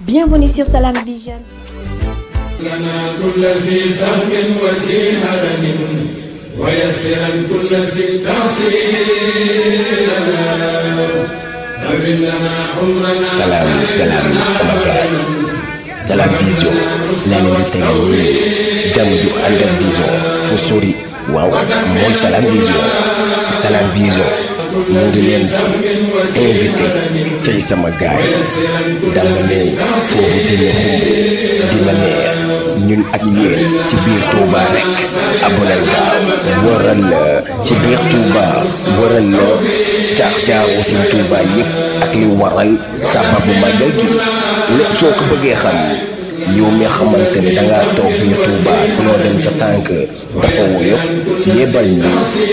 Bienvenue sur Salam Vision. salaam salaam sama gaay Salam Vision laa leen di tegal ju ànd vision fu sori waaw mooy Salam Vision Salam Vision. moo ngi leen invité tey sama gaay dama ne foofu dina xumb dina neex ñun ak yéen ci biir Touba rek abonel gaaw waral la ci biir Touba waral caax-caaxu seen Touba yëpp ak li waral sababu magal gi lépp soo ko bëggee xam yow mi xamante ne dangaa toog biir Touba noo dem sa tànk dafa woyof yebal ñu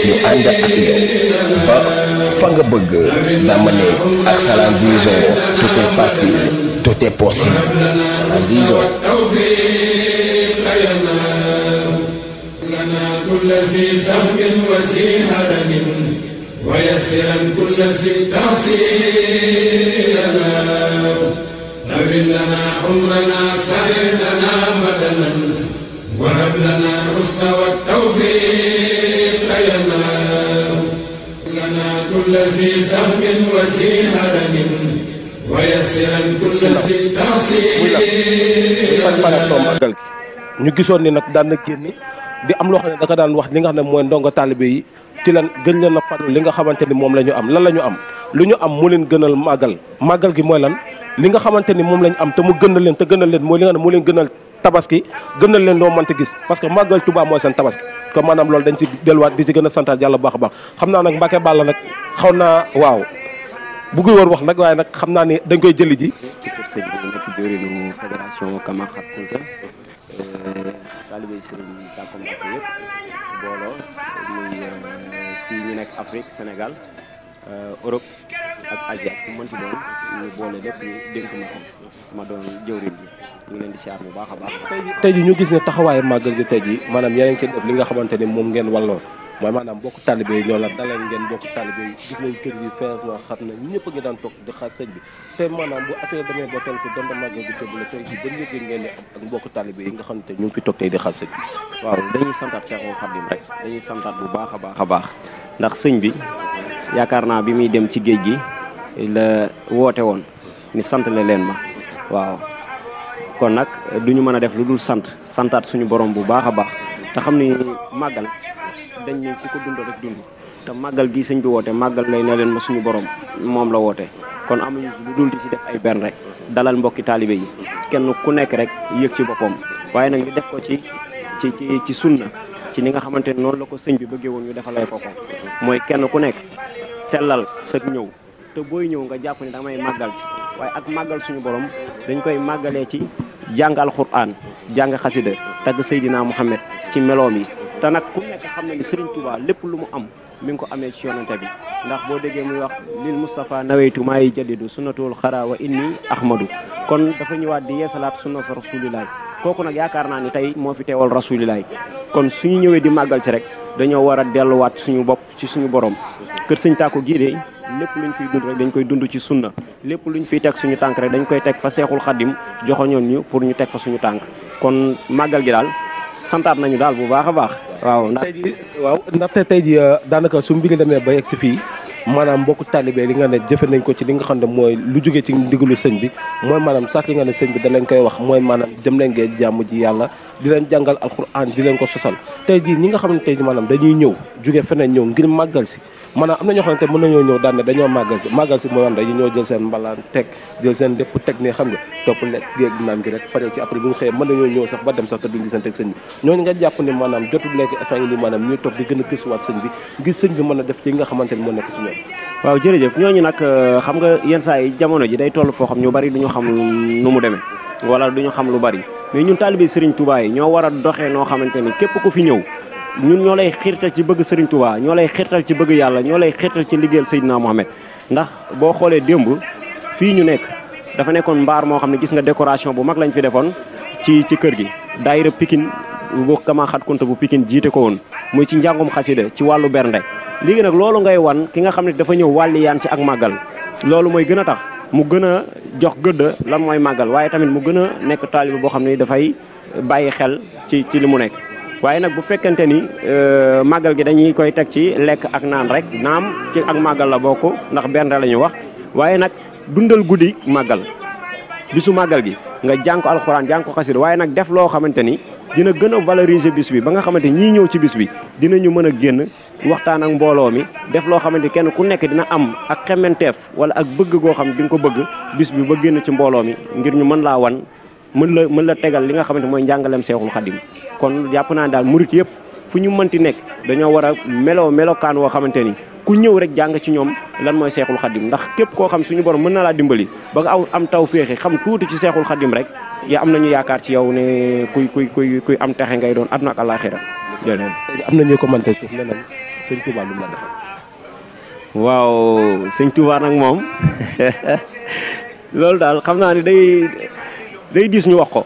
ñu ànd ak yow ba fa nga bëgg dama ne ak Salam Vision tout est facile tout est possible Salam Vision ويسرا كل ذي نبل لنا عمرنا سهل لنا بدنا وهب لنا الرشد والتوفيق لنا لنا كل ذي سهم وذي هرم ويسرا كل ذي تعسير ñu gisoon ni nag daan na génn di am loo xam ne da daan wax li nga xam ne mooy ndongo taalibe yi lan gën leen li nga xamante ni moom lañu am lan la ñu am lu ñu am mu leen gënal màggal màggal gi mooy lan li nga xamante ni moom lañ am te mu gënal leen te gënal leen mooy li nga ne moo leen gënal tabaski gënal leen doo mënta gis parce que màggal Tuubaa mooy seen tabaski kon maanaam loolu dañ ci delluwaat di ci gën a santaat baax a baax xam naa nag Mbacke Balla nag xaw naa waaw buggu woon wax nag waaye nag xam naa ni dañ koy jëli ji taalibe sëriñ Dakom Mbacke yëpp booloo muy euh, fii ñu nekk Afrique Sénégal Euh, Europe ak Asie ak mën ci doon ñu boole lépp ñu dénk ma ko ma doon jëwriñ bi ñu leen di siyaar bu baax a baax. tey jii ñu gis ne taxawaay màggal gi tey jii maanaam yeneen kenn ëpp li nga xamante ni moom ngeen walloon mooy maanaam bokk talibé yi ñoo la dalal ngeen bokk talibé yi na xam a ngi daan toog di xaar bu affaire demee ba tel ko donte màggal gi tëdd la ngeen ne ak mbokk talibé yi nga xam ne ñu ngi fi toog tey di xaar sëñ bi waaw dañuy santaat Seexul Xaadim rek dañuy santaat bu baax a baax a baax ndax sëñ bi yaakaar naa bi muy dem ci géej gi la woote woon ni sant le leen ma waaw kon nag du ñu mën a def lu dul sant santaat suñu borom bu baax a baax te xam ni màggal dañ ne ci ko dund rek dund te màggal gi sëñ bi woote màggal lay ne leen ma suñu borom moom la woote kon amuñu lu dul di ci def ay benn rek dalal mbokki taalibe yi kenn ku nekk rek yëg ci boppam waaye nag ñu def ko ci ci ci ci sunna ci ni nga xamante ne noonu la ko sëñ bi bëggee woon ñu defalee ko ko mooy kenn ku nekk sellal sag ñëw te booy ñëw nga jàpp ne damay màggal ci waaye ak màggal suñu borom dañ koy màggalee ci jàng alxuraan jàng xasida tagg Seydina Muhammad ci meloom yi te nag ku nekk xam na ni Serigne Touba lépp lu mu am mi ngi ko amee ci yonante bi ndax boo déggee muy wax lil Moustapha naweytu maayi jadidu sunnatul xara wa inni ahmadu kon dafa ñëwaat di yeesalaat sunna sa rasulilaay kooku nag yaakaar naa ni tey moo fi teewal rasulilaay kon suñu rek dañoo war a delluwaat suñu bopp ci suñu borom kër sëñ Tàkku gii de lépp luñ fi dund rek dañ koy dund ci na lépp luñ fiy teg suñu tànk rek dañ koy teg fa seexul xaddim joxoñoon ñu pour ñu teg fa suñu tànk kon màggal gi daal santaat nañu daal bu baax a baax waaw ndax tey ji waaw ndaxte tey ji daanaka su mbiri demee ba yegg si fii maanaam mbokk taalibee li nga ne jëfe nañ ko ci li nga xam ne mooy lu jógee ci ndigalu sëñ bi mooy maanaam sax li nga ne sëñ bi da koy wax mooy maanaam jëm leen ngeen jàmm ji yàlla di leen jàngal alxuraan di leen ko sosal tey jii ñi nga xam ne tey jii maanaam dañuy ñëw jóge feneen ñëw ngir màggal si maanaam am na ñoo xamante mën nañoo ñëw daan ne dañoo màggal si màggal si mooy am dañu ñoo jël seen mbalaan teg jël seen lépp teg ne xam nga topp sax ne maanaam jotu lekk instant yi a gëstuwaat sëñ bi ngir a euh, jamono ji day toll foo xam ñu bari duñu xam nu mu demee wala duñu xam lu bari mais ñun taalibe Sëriñ Tuubaa yi ñoo war a doxee noo xamante ni képp ku fi ñëw ñun ñoo lay xiirtal ci bëgg Serigne Touba ñoo lay xiirtal ci bëgg yàlla ñoo lay xiirtal ci liggéeyal Seydina Mohamed ndax boo xoolee démb fii ñu nekk dafa nekkoon mbaar moo xam ne gis nga décoration bu mag lañ fi defoon ci ci kër gi daayira Pikine bu Kama Xat Kunta bu Pikine jiite ko woon muy ci njàngum xasida ci wàllu bernde léegi nag loolu ngay wan ki nga xam ne dafa ñëw wàlli ci ak màggal loolu mooy gën a tax mu gën a jox gëdd lan mooy màggal waaye tamit mu gën a nekk taaliba boo xam ne dafay bàyyi xel ci ci li mu nekk waaye nag bu fekkente ni euh, màggal gi dañuy koy teg ci lekk ak naan rek naam ci ak màggal la bokk ndax bernde la ñu wax waaye nag dundal guddi màggal bisu màggal gi nga jàng ko alxuraan jàng ko waaye nag def loo xamante ni dina gën a valoriser bis bi ba nga xamante ñii ñëw ci bis bi dinañu mën a génn waxtaan ak mbooloo mi def loo xamante kenn ku nekk dina am ak xemmenteef wala ak bëgg goo xam di nga ko bëgg bis bi ba génn ci mbooloo mi ngir ñu mën laa wan mën la mën la tegal li nga xamante mooy njàngaleem seexul xadim kon jàpp naa daal murit yëpp fu ñu mënti nekk dañoo war a meloo melokaan woo xamante ni ku ñëw rek jàng ci ñoom lan mooy seexul xadim ndax képp koo xam suñu borom mën na laa dimbali ba nga aw am taw féexe xam tuuti ci seexul xadim rek ya am ñu yaakaar ci yow ne kuy kuy kuy kuy am texe ngay doon àdduna ak àllaaxira am na ñu commenté suuf ne lan sëñ Touba lu la defal waaw sëñ Touba nag moom loolu daal xam naa ni day diis ñu wax ko.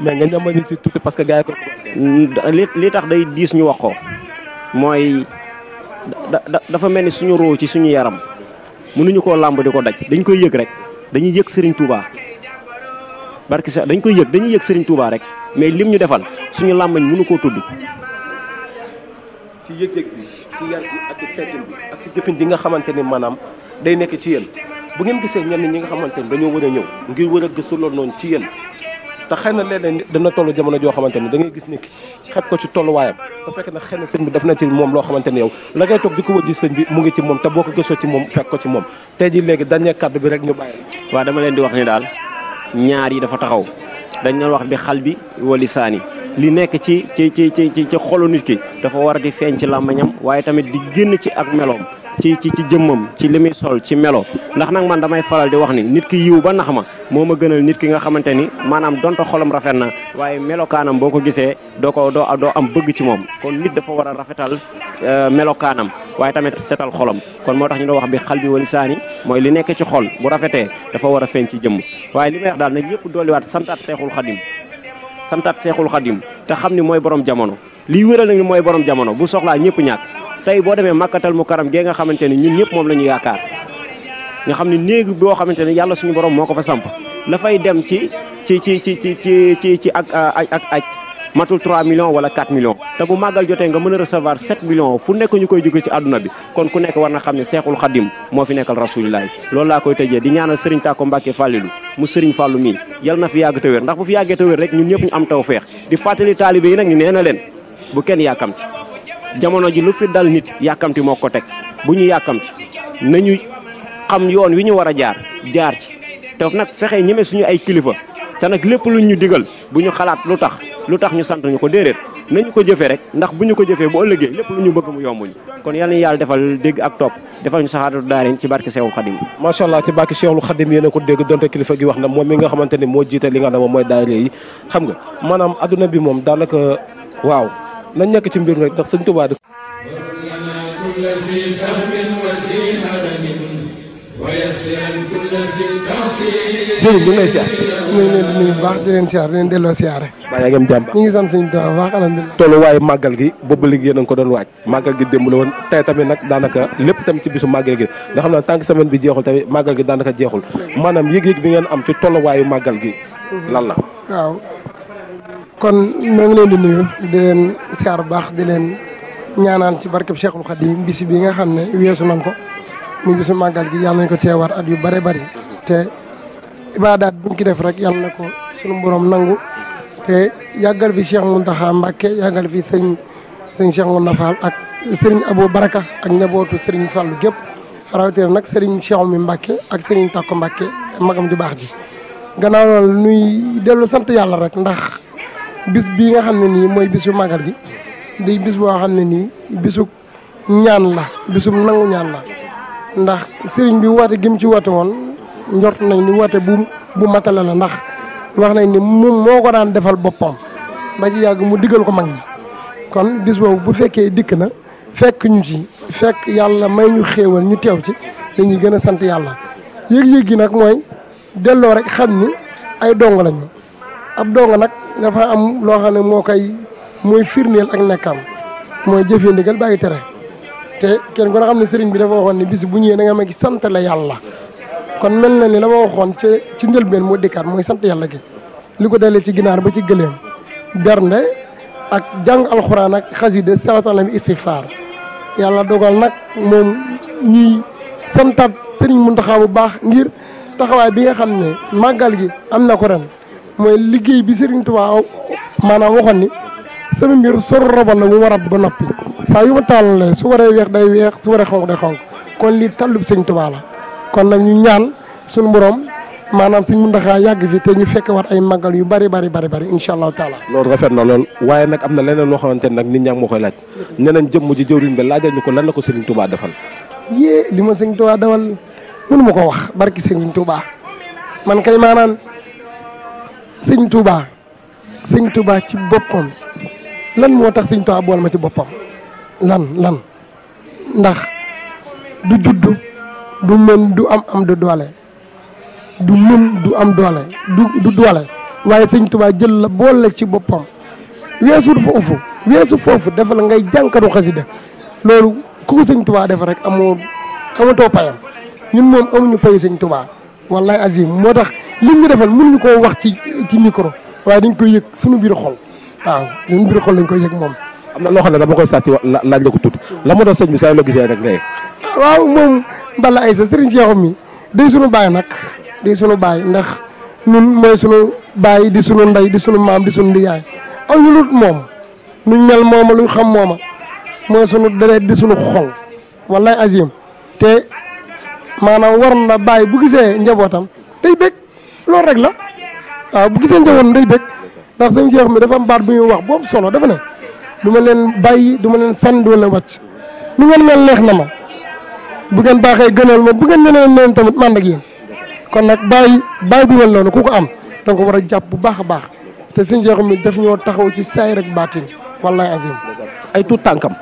mais nga ñamal ñu ci tuuti parce que gaa yi mm, li li tax day diis ñu wax ko mooy dafa mel ni suñu roo ci suñu yaram mënuñu koo làmb di ko daj dañ koy yëg rek dañuy yëg Serigne Touba. barki sax dañ koy yëg dañuy yëg Serigne Touba rek mais lim ñu defal suñu làmbañ mënu koo tudd. ci yëg-yëg bi ci yar bi ak ci teggin bi ak ci jëfin bi nga xamante ni maanaam day nekk ci yéen. bu ngeen gisee ñenn ñi nga xamante ni dañoo war a ñëw ngir war a gëstu loolu noonu ci yéen te xëy na léeg-léeg dana tollu jamono joo xamante ni da ngay gis ni xet ko ci tolluwaayam te fekk na xëy na sëñ bi def na ci moom loo xamante ni yow la ngay toog di ko wëji sëñ bi mu ngi ci moom te boo ko gëstoo ci moom fekk ko ci moom tey ji léegi dañee kàddu bi rek ñu bàyyi waaw dama leen di wax ni daal ñaar yi dafa taxaw dañ leen wax bi xal bi wali saani li nekk ci ci ci ci ci xolu nit ki dafa war di feeñ ci làmmiñam waaye tamit di génn ci ak meloom ci ci ci jëmmam ci li muy sol ci melo ndax nag man damay faral di wax ni nit ki yiw ba nax ma moo ma gënal nit ki nga xamante ni maanaam donto xolam rafet na waaye melokaanam boo ko gisee doo ko doo doo am bëgg ci moom kon nit dafa war a rafetal euh, melokaanam waaye tamit setal xolam kon moo tax ñu doon wax bi xal bi wali saani mooy li nekk ci xol bu rafetee dafa war a feeñ ci jëmm waaye li daal nag yëpp dolliwaat santaat seexul xadim santaat seexul xadim te xam ni mooy borom jamono liy wéral nag ni mooy borom jamono bu soxlaa ñëpp ñàkk tey boo demee màkkatal mu karam gee nga xamante ne ñun ñëpp moom la ñu yaakaar nga xam ne néeg boo xamante ne yàlla suñu borom moo ko fa samp la dem ci ci ci ci ci ci ci ak ak aj matul 3 millions wala 4 millions te bu màggal jotee nga mën a recevoir 7 millions fu nekk ñu koy jóge ci àdduna bi kon ku nekk war na xam ne seexul xadim moo fi nekkal rasulilaay loolu laa koy tëjee di ñaanal sëriñ Tako Mbàkke Fàllilu mu sëriñ Fàllu mii yal na fi yàgg te wér ndax bu fi yàggee te wér ñëpp ñu am taw feex di fàttali taalibe yi nag ñu na leen bu kenn yàkkamti jamono ji lu fi dal nit yàkkamti moo ko teg bu ñu yàkkamti nañu xam yoon wi ñu war a jaar jaar ci te nag fexe ñeme suñu ay kilifa te nag lépp lu ñu digal bu ñu xalaat lu tax lu tax ñu sant ñu ko déedéet nañu ko jëfee rek ndax bu ñu ko jëfee boo ëllëgee lépp lu ñu bëgg mu yombuñu kon yal na defal dégg ak topp defal ñu saxaadatu daarin ci barke Seexul Xadim macha allah ci barke Seexul Xadim yéen a ko dégg donte kilifa gi wax na moom mi nga xamante ni moo jiite li ne moom mooy xam nga maanaam adduna bi moom daanaka waaw nañ nekk ci mbir rek ndax sëñ Tuubaa def jërëjëf ñu ngi lay siyaar. ñu ngi leen baax di leen siyaar di leen delloo siyaare. waaye yaa ngi am jàmm. ñu ngi sant suñu tubaab bu baax gi boobu léegi yéen ko doon waaj. màggal gi démb la woon tey tamit nag daanaka lépp tamit ci bisu màggal gi nga xam ne semaine bi jeexul tamit màggal gi daanaka jeexul maanaam yëg-yëg bi ngeen am ci tolluwaayu màggal gi lan la. kon ñoo ngi leen di nuyu di leen siyaar bu baax di leen ñaanaan ci barkeb Cheikhul Khadim bis bi nga xam ne weesu nañ ko mu bisu màggal gi yàlla nañ ko war at yu bare bari te ibaadaat buñ ki def rek yàlla na ko sunu boroom nangu te yàggal fi Cheikh Mountakha Mbacké yàggal fi sëñ sëñ Cheikh Mouna Fall ak sëriñ Abou Baraka ak njabootu sëriñ Fallou gépp rawatina nag sëriñ Cheikh mi Mbacké ak sëriñ Takko Mbacké magam di baax ji gannaaw nuy dellu sant yàlla rek ndax bis bii nga xam ne nii mooy bisu màggal gi di bis boo xam na nii bisu ñaan la bisum nangu ñaan la ndax sëriñ bi woote gi ci woote woon njort nañ ni woote bu bu matale la ndax wax nañ ni moom moo ko daan defal boppam ba ci yàgg mu diggal ko mag ñi kon bis boobu bu fekkee dikk na fekk ñu ci fekk yàlla may ñu xéewal ñu teew ci dañuy gën a sant yàlla yëg-yëg gi nag mooy delloo rek xam ni ay dong lañu ab donga nag dafa am loo xam ne moo koy mooy firndeel ak nekkam mooy jëfee ndigal bàyyi tere te kenn ku ne xam ne sëriñ bi dafa waxoon ne bis bu ñëwee da nga ma gi sant yàlla kon mel na ni la waxoon ci ci moo dikkaat mooy sant yàlla gi li ko dalee ci ginaar ba ci gëléem bernde ak jàng alxuraan ak xasida salatalam istighfar yàlla dogal nag moom ñuy santaat sëriñ Muntaxa bu baax ngir taxawaay bi nga xam ne màggal gi am na ko ren mooy liggéey bi Serigne Touba maanaam waxoon ni sama mbir sor robal la mu war a ba noppi saa yu ma tàllalee su waree weex day weex su waree xonq day xonq kon lii tàllub Serigne Touba la kon nag ñu ñaan sunu borom maanaam suñ mun ndaxaa yàgg fi te ñu fekk waat ay màggal yu bari bari bari bari incha allahu taala loolu rafet na lool waaye nag am na leneen loo xamante ne nag nit ñaa ngi koy laaj ne nañ jëmm ji jëwriñ ba laajal ñu ko lan la ko Serigne tubaa defal yée li ma Serigne Touba defal ma ko wax barki Serigne Touba sëñ Touba sëñ Touba ci boppam lan moo tax sëñ Touba bool ma ci boppam lan lan ndax du juddu du mën du am am du doole du mën du am doole du du doole waaye sëñ Touba jël la boole ci boppam weesuut foofu weesu foofu dafa la ngay jànkatu xasida loolu ku ko sëñ Touba def rek amoo amatoo payam ñun moom amuñu payu sëñ Touba wallaay azim moo tax lim ñu defal mënuñu koo wax ci ci micro waaye dañ koy yëg suñu biir xol waaw suñu lañ koy yëg moom. am na loo xam ne dama koy sàtti laaj la ko tuuti la ma doon sëñ saa yoo gisee rek rek. waaw moom Balla Aïssa Serigne Cheikh mi day sunu baay nag day sunu baay ndax ñun mooy sunu baay di sunu ndey di sunu maam di sunu ndiyaay am ñu moom luñ mel mooma luñ xam ma mooy sunu deret di sunu xol wallaay azim te maanaam war na baay bu gisee njabootam day bëgg. loolu rek la waaw bu gisee njaboot day bëgg ndax sëñ Cheikh mi dafa am baat bu ñuy wax boobu solo dafa ne du ma leen bàyyi du ma leen sànni du ma leen wàcc lu ngeen mel neex na ma bu ngeen baaxee gënal ma bu ngeen neneen leen tamit man ak yéen kon nag bàyyi bàyyi bu mel noonu ku ko am da war a jàpp bu baax a baax te sëñ Cheikh mi daf ñoo taxaw ci saay rek baatin wallahi azim ay tuut tànkam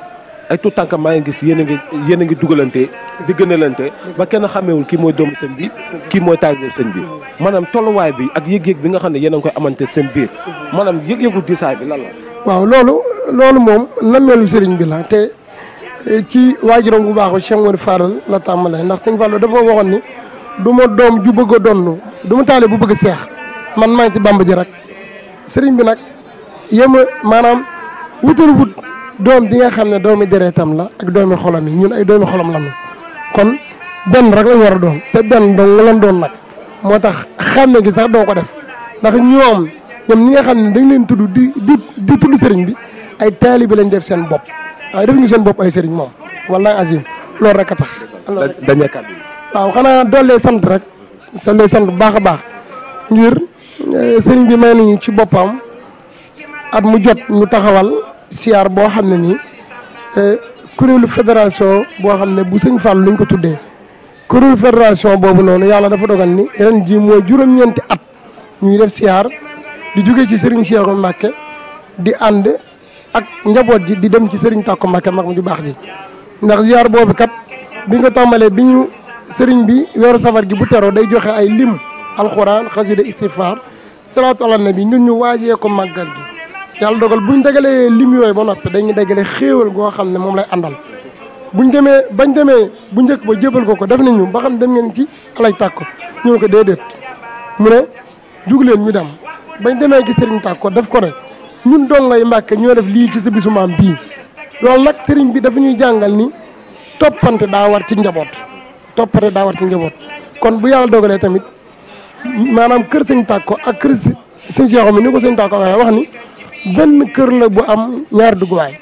ay tout tànk maa ngi gis yéen a ngi yéen a ngi dugalante di gënalante ba kenn xamewul kii mooy doomu seen biir kii mooy taalibe seen biir maanaam tolluwaay bi ak yëg-yëg bi nga xam ne yéen a ngi koy amante seen biir maanaam yëg-yëgu diisaay bi lan la. waaw loolu loolu moom nammeelu sëriñ bi la te eh, ci waajuram bu baax Cheikh Modou Faral la tàmbalee ndax sëñ Fallou dafa waxoon ni du ma doom ju bëgg a donn du ma bu bëgg a seex man maa ngi ci bàmba ji rek sëriñ bi nag yem maanaam wutal doom bi nga xam ne doomi deretam la ak doomi xolam yi ñun ay doomi xolam lañu kon benn rek lañ war a doon te benn dong lan doon nag moo tax xàmme gi sax doo ko def ndax ñoom ñoom ñi nga xam ne dañ leen tudd di di di tudd sëriñ bi ay taalibe lañ def seen bopp waaye def ñu seen bopp ay sëriñ moom wallaay azim loolu rek a tax. dañuy kàddu waaw xanaa doole sant rek doole sant bu baax a baax ngir eh, sëriñ bi may nañu ci boppam at mu jot ñu taxawal. siyaar boo xam ne nii eh, kuréelu fédération boo xam ne bu sëñ Fall lañ ko tuddee kuréelu fédération boobu noonu yàlla dafa dogal ni ren ji mooy juróom-ñeenti at ñuy def siyaar di jóge ci Serigne Cheikhou Mbacké di ànd ak njaboot ji di dem ci Serigne Takku Mbacké mag mu ju baax ji ndax siyaar boobu kat bi nga tàmbalee bi ñu sëriñ bi weeru safar gi bu teroo day joxe ay lim alxuraan xasida istigfaar salaatu ala nabi ñun ñu waajee ko màggal gi yàlla dogal bu ñu dagalee lim yooyu ba noppi dañuy dagale xéewal goo xam ne moom lay àndal ñu demee bañ demee bu njëkk ba jébal ko ko def nañu ba xam dem ngeen ci alaj tàkk ko ñëw ko déedéet mu ne jug leen ñu dem bañ demee ci sëriñ tàkk ko daf ko ne ñun doon ngay mbàkke ñoo def lii ci sa su maam bii loolu nag sëriñ bi dafa ñuy jàngal ni toppante daa war ci njaboot toppante daa war ci njaboot kon bu yàlla dogalee tamit maanaam kër sëñ tàkk ko ak kër sëñ Cheikh mi ni ko sëñ tàkk ko ni benn kër la bu am ñaari dugguwaay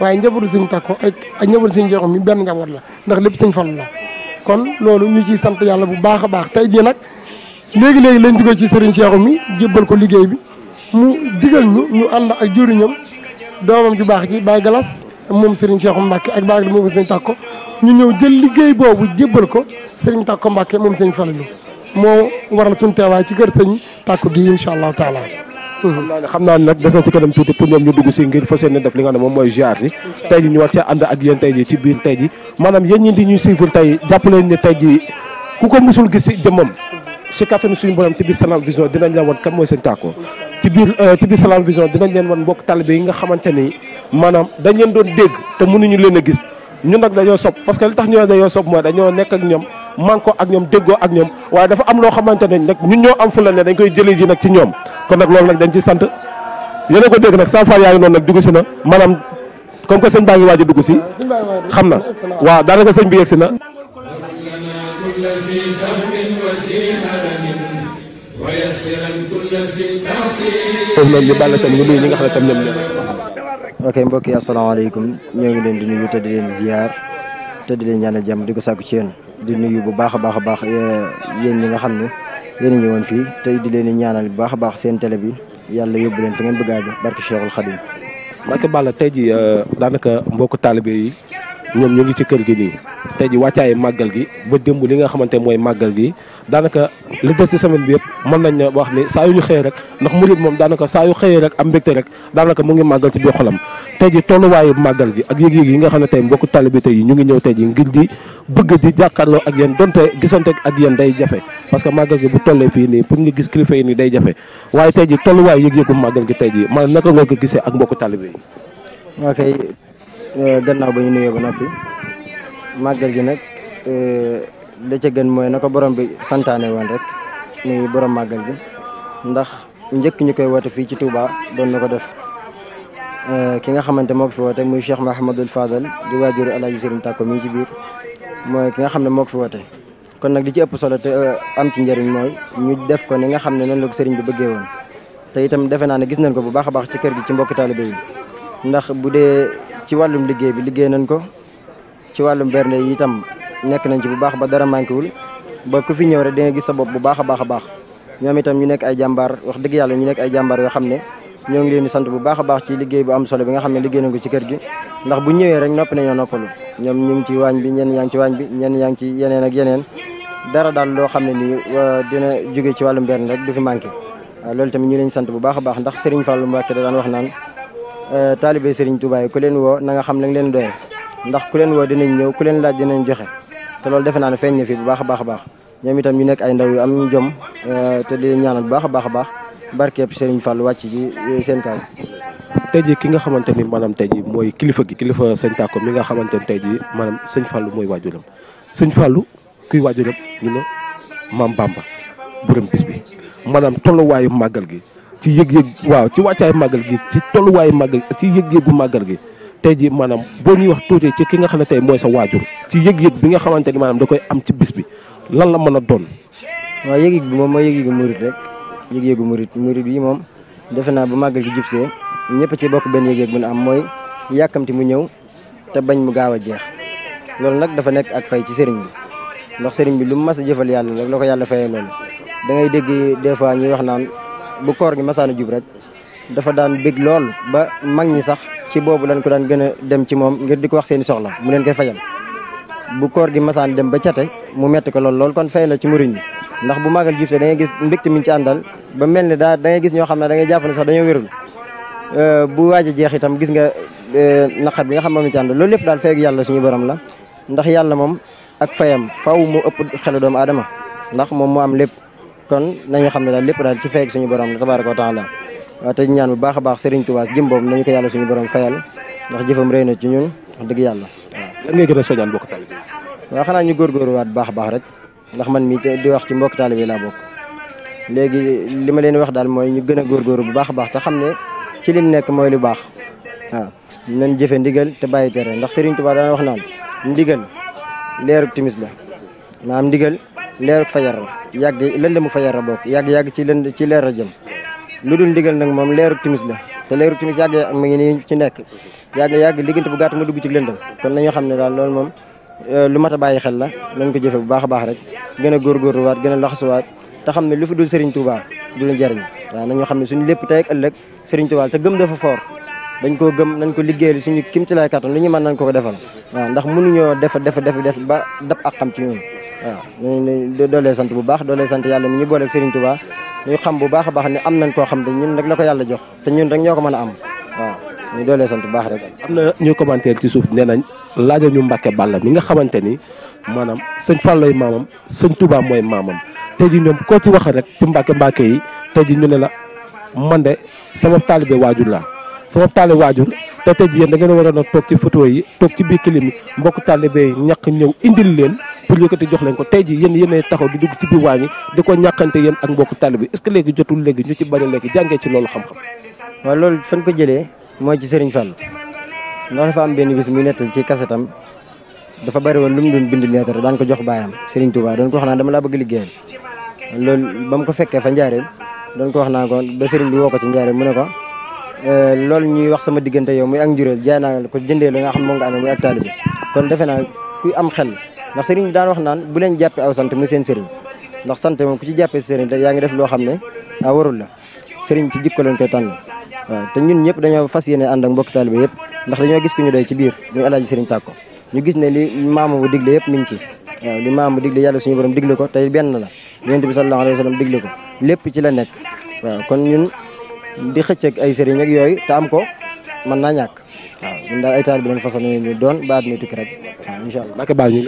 waaye njabootu sëñ Tako ak ak njabootu sëñ Joxum mi benn njaboot la ndax lépp sëñ Fallu la kon loolu ñu ciy sant yàlla bu baax a baax tey jii nag léegi-léegi leen duggee ci sëriñ Seexu mi jébbal ko liggéey bi mu digal ñu ñu ànd ak jëriñam doomam ju baax ji Baye Galas moom sëriñ Seexu Mbàkke ak Baye moom sëriñ Tako ñu ñëw jël liggéey boobu jébbal ko sëriñ Tako Mbàkke moom sëriñ Fallu moo waral suñu teewaay ci kër sëñ Tako gi incha allahu xam naa ne naa ne nag des na ci kanam tuuti pour ñoom ñu dugg si ngir fas yéene def li nga ne moom mooy ziar yi tey ji ñu war ci ànd ak yéen tey ji ci biir tey ji maanaam yéen ñi di ñuy suivre tey jàpp leen ne tey ji ku ko musul gis si jëmmam si kattanu suñu borom ci biir Salam Vision dinañ la wan kan mooy seen tàkkoo ci biir euh, ci Vision dinañ leen wan mbokk talibé yi nga xamante ni maanaam leen doon dégg te mënuñu leen gis ñun nag dañoo sopp parce que li tax ñu ne dañoo sopp mooy dañoo nekk ak ñoom man ak ñoom déggoo ak ñoom waaye dafa am loo xamante ne nag ñun ñoo am fu la ne dañ koy jëli ji nag ci ñoom kon nag loolu nag dañ ci sant yéen ko dégg nag Sall Fall yaa ngi noonu nag dugg si na maanaam comme que sëñ baa ngi waaj a dugg si xam na waaw daanaka sëñ bi yegg si na foofu noonu ñu bàll nga xam ne tam ñoom ok mbokk yi asalaamaaleykum ñoo ngi leen di nuyu te di leen ziar te di leen ñaanal jàmm di ko sàkku ci yéen di nuyu bu baax a baax a baax eh, yéen ñi nga xam ne yéen a fii te di leen di ñaanal bu baax a baax seen télé bi yàlla yóbbu leen fi ngeen bëgg a barke Cheikhul Khadim. Mbacke Balla tey jii eh, daanaka mbokk taalibe yi ñoom ñu ngi ci kër gi nii tey ji wàccaay màggal gi ba démb li nga xamante mooy màggal gi daanaka li des ci semaine bi yëpp mën nañ ne wax ni saa yu ñu xëyee rek ndax murid moom daanaka saa yu xëyee rek am mbégte rek daanaka mu ngi màggal ci biir xolam tey ji tolluwaayu màggal gi ak yëg-yëg yi nga xam ne tey mbokku talibé yi ñu ngi ñëw tey ji ngir di bëgg di jàkkaarloo ak yéen donte gisante ak yéen day jafe parce que màggal gi bu tollee fii nii pour nga gis kilifa yi nii day jafe waaye tey ji tolluwaay yëg-yëgu màggal gi tey ji man naka nga ko gisee ak mbokku talibé yi Euh, ganna ba ñu nuyoo ba noppi màggal gi nag euh, li ca gën mooy na ko borom bi santaane woon rek borom màggal gi ndax njëkk ñu koy woote fii ci Touba doon na ko def euh, ki nga xamante mook ko fi woote muy Cheikh Mahamadul Fadal di waajuru Alaaji Sëriñ Tàkko mii ci biir mooy ki nga xam ne moo ko fi woote kon nag li ci ëpp solo te am ci njëriñ mooy ñu def ko ni nga xam ne noonu la ko sëriñ bi bëggee woon te itam defe naa ne gis nañ ko bu baax a baax ci kër gi ci mbokki taalibe yi ndax bu dee ci wàllum liggéey bi liggéey nañ ko ci wàllum bernde yi itam nekk nañ ci bu baax ba dara manquéwul ba ku fi ñëw rek di nga gis sa bopp bu baax baax a baax ñoom itam ñu nekk ay jàmbaar wax dëgg yàlla ñu nekk ay jàmbaar yoo xam ne ñoo ngi leen di sant bu baax baax ci liggéey bu am solo bi nga xam ne liggéey nañ ko ci kër gi ndax bu ñëwee rek noppi nañoo noppalu ñoom ñu ngi ci waañ bi ñenn yaa ngi ci waañ bi ñenn yaa ngi ci yeneen ak yeneen dara daal loo xam ne nii dina jóge ci wàllum rek du fi manqué loolu tamit ñu leen sant bu baax a baax ndax Serigne Fallou Mbacké da daan wax naan Euh, taalibe Serigne Touba yi ku leen woo nanga xam nañ leen doyee ndax ku leen woo dinañ ñëw ku leen laaj dinañ joxe te loolu defe naa ne feeñ na fi bu baax a baax a baax ñoom itam ñu nekk ay ndaw yu am ñu jom euh, te di ñaanal bu baax a baax a baax barkeeb Serigne Fall wàcc ci euh, seen kaw. tey jii ki nga xamante ni maanaam tey jii mooy kilifa gi kilifa sëñ Tako mi nga xamante ni tey jii maanaam sëñ Fallou mooy waajuram sëñ Fallou kuy waajuram ñu ne maam Bamba borom bis bi maanaam tolluwaayu màggal gi. ci yëg-yëg waaw ci wàccaay màggal gi ci tolluwaayu màggal ci yëg-yëgu màggal gi tey jii maanaam boo ñuy wax tuuti ci ki nga xam ne tey mooy sa waajur ci yëg-yëg bi nga xamante ni maanaam da koy am ci bis bi lan la mën a doon. waaw moom mooy yëg-yëgu murit rek yëg-yëgu murit murit yi moom defe naa bu màggal gi jubsee ñëpp ci bokk benn yëg-yëg bu ñu am mooy yàkkamti mu ñëw te bañ mu gaaw a jeex loolu nag dafa nekk ak fay ci sëriñ bi ndax sëriñ bi lu mu mas a jëfal yàlla rek la ko yàlla fayee loolu bu koor gi masaan a jub rek dafa daan bég lool ba mag ñi sax ci boobu lañ ko daan gën a dem ci moom ngir di ko wax seen i soxla mu leen koy fajal. bu koor gi masaan dem ba cate mu metti ko lool lool kon fay na ci murid ñi ndax bu màggal jub see da ngay gis mbégte mi ci àndal ba mel ni daa da gis ñoo xam ne dangay ngay jàpp ne sax dañoo wérul euh, bu waaj a jeex itam gis nga euh, naqar bi nga xam moom ci àndal loolu lépp daal feeg yàlla suñu borom la ndax yàlla moom ak fayam faw mu ëpp xelu doomu aadama ndax moom mu am lépp kon nañu xam ne daal lépp daal ci feeg suñu borom la tabaaraka wa taala te ñaan bu baax a baax Serigne Touba jëm boobu nañu ko yàlla suñu borom fayal ndax jëfam rëy na ci ñun wax dëgg yàlla waaw. lan ngay gën a soññaan mbokk taalibe waaw xanaa ñu góorgóorluwaat baax a baax rek ndax man mii di wax ci mbokk taalibe laa bokk léegi li ma leen wax daal mooy ñu gën a góorgóorlu bu baax a baax te xam ne ci liñ nekk mooy lu baax waaw nañ jëfe ndigal te bàyyi tere ndax sëriñ Touba dana wax naan ndigal leeru timis la maanaam ndigal leer fajar yàgg lënd mu fajar bokk yàgg-yàgg ci lënd ci leer a jëm lu dul ndigal nag moom leeru timis la te leeru timis yàgg mu ngi nii ci nekk yàgg-yàgg diggante bu gàtt mu dugg ci lëndam kon nañu xam ne daal loolu moom euh, lu mat a bàyyi xel la nañ ko jëfe bu baax a baax rek gën a góorgóorluwaat gën a laxasuwaat te xam ne lu fu dul Serigne Touba du la jariñ waaw nañu xam ne suñu lépp tey ak ëllëg Serigne Touba te gëm dafa foor dañ koo gëm nañ ko liggéeyal suñu kim ci lay ñu mën nañ ko ko defal waaw ndax mënuñoo defa defa def def ba dab ak xam ci waaw ñu ngi doolee sant bu baax doolee sant yàlla mi ñu booleeg Serigne Touba ñu xam bu baax a baax ne am nañ koo xam te ñun rek la ko yàlla jox te ñun rek ñoo ko mën a am waaw ñu doolee sant bu baax rek. am na ñuy commentaire ci suuf nee nañ laajal ñu Mbàkke Balla mi nga xamante ni maanaam sëñ Fallou maamam sëñ Touba mooy maamam tey ji ñoom koo ci wax rek ci Mbàkke Mbàkke yi tey ji ñu ne la man de sama taalibe waajur la sama taalibe waajur te tey ji yéen da ngeen waroon a toog ci photo yi toog ci biir kilim yi mbokk taalibe yi ñàkk ñëw indil leen pour yëkkati jox leen ko tey ji yéen yéenee taxaw di dugg ci biir waañ yi di ko ñàkkante yéen ak mbokku taalibe bi est ce jotul léegi ñu ci bañ a léegi jàngee ci loolu xam-xam waaw loolu fan ko jëlee mooy ci Serigne Fall ndax dafa am benn bis muy nettal ci kasetam dafa bari woon lu mu doon bind leetar daan ko jox baayam Serigne Touba doon ko wax naa dama laa bëgg liggéeyal loolu lool mu ko fekkee fa njaareel doon ko wax naa ko ba Serigne bi woo ko ci njaareel mu ne ko euh, loolu ñuy wax sama diggante yow muy ak njuréel jaay naa ko jëndee la nga xam moom nga amee muy ak taalibe kon defe naa am xel ndax sëriñ bi daan wax naan bu leen jàppee aw sant muy seen sëriñ ndax sant moom ku ci jàppee sëriñ yaa ngi def loo xam ne a ah, warul la sëriñ ci jikko lañ koy tànn waaw ñun ñëpp dañoo fas yéene ànd ak mbokk taalibe yëpp ndax dañoo gis ku ñu doy ci biir muy alaaji sëriñ Sakko ñu gis ne li maamu bu digle yëpp mi ngi ci waaw li maamu digle yàlla suñu borom digle ko tey benn la yonent bi sallallahu alayhi wa sallam digle ko lépp ci la nekk waaw kon ñun di xëcc ak ay sëriñ ak yooyu te am ko mën naa ñàkk waaw ñun daal ay taal bi leen façon ñu doon ba at mi tukki rek waaw incha allah Mbacke Ba ñu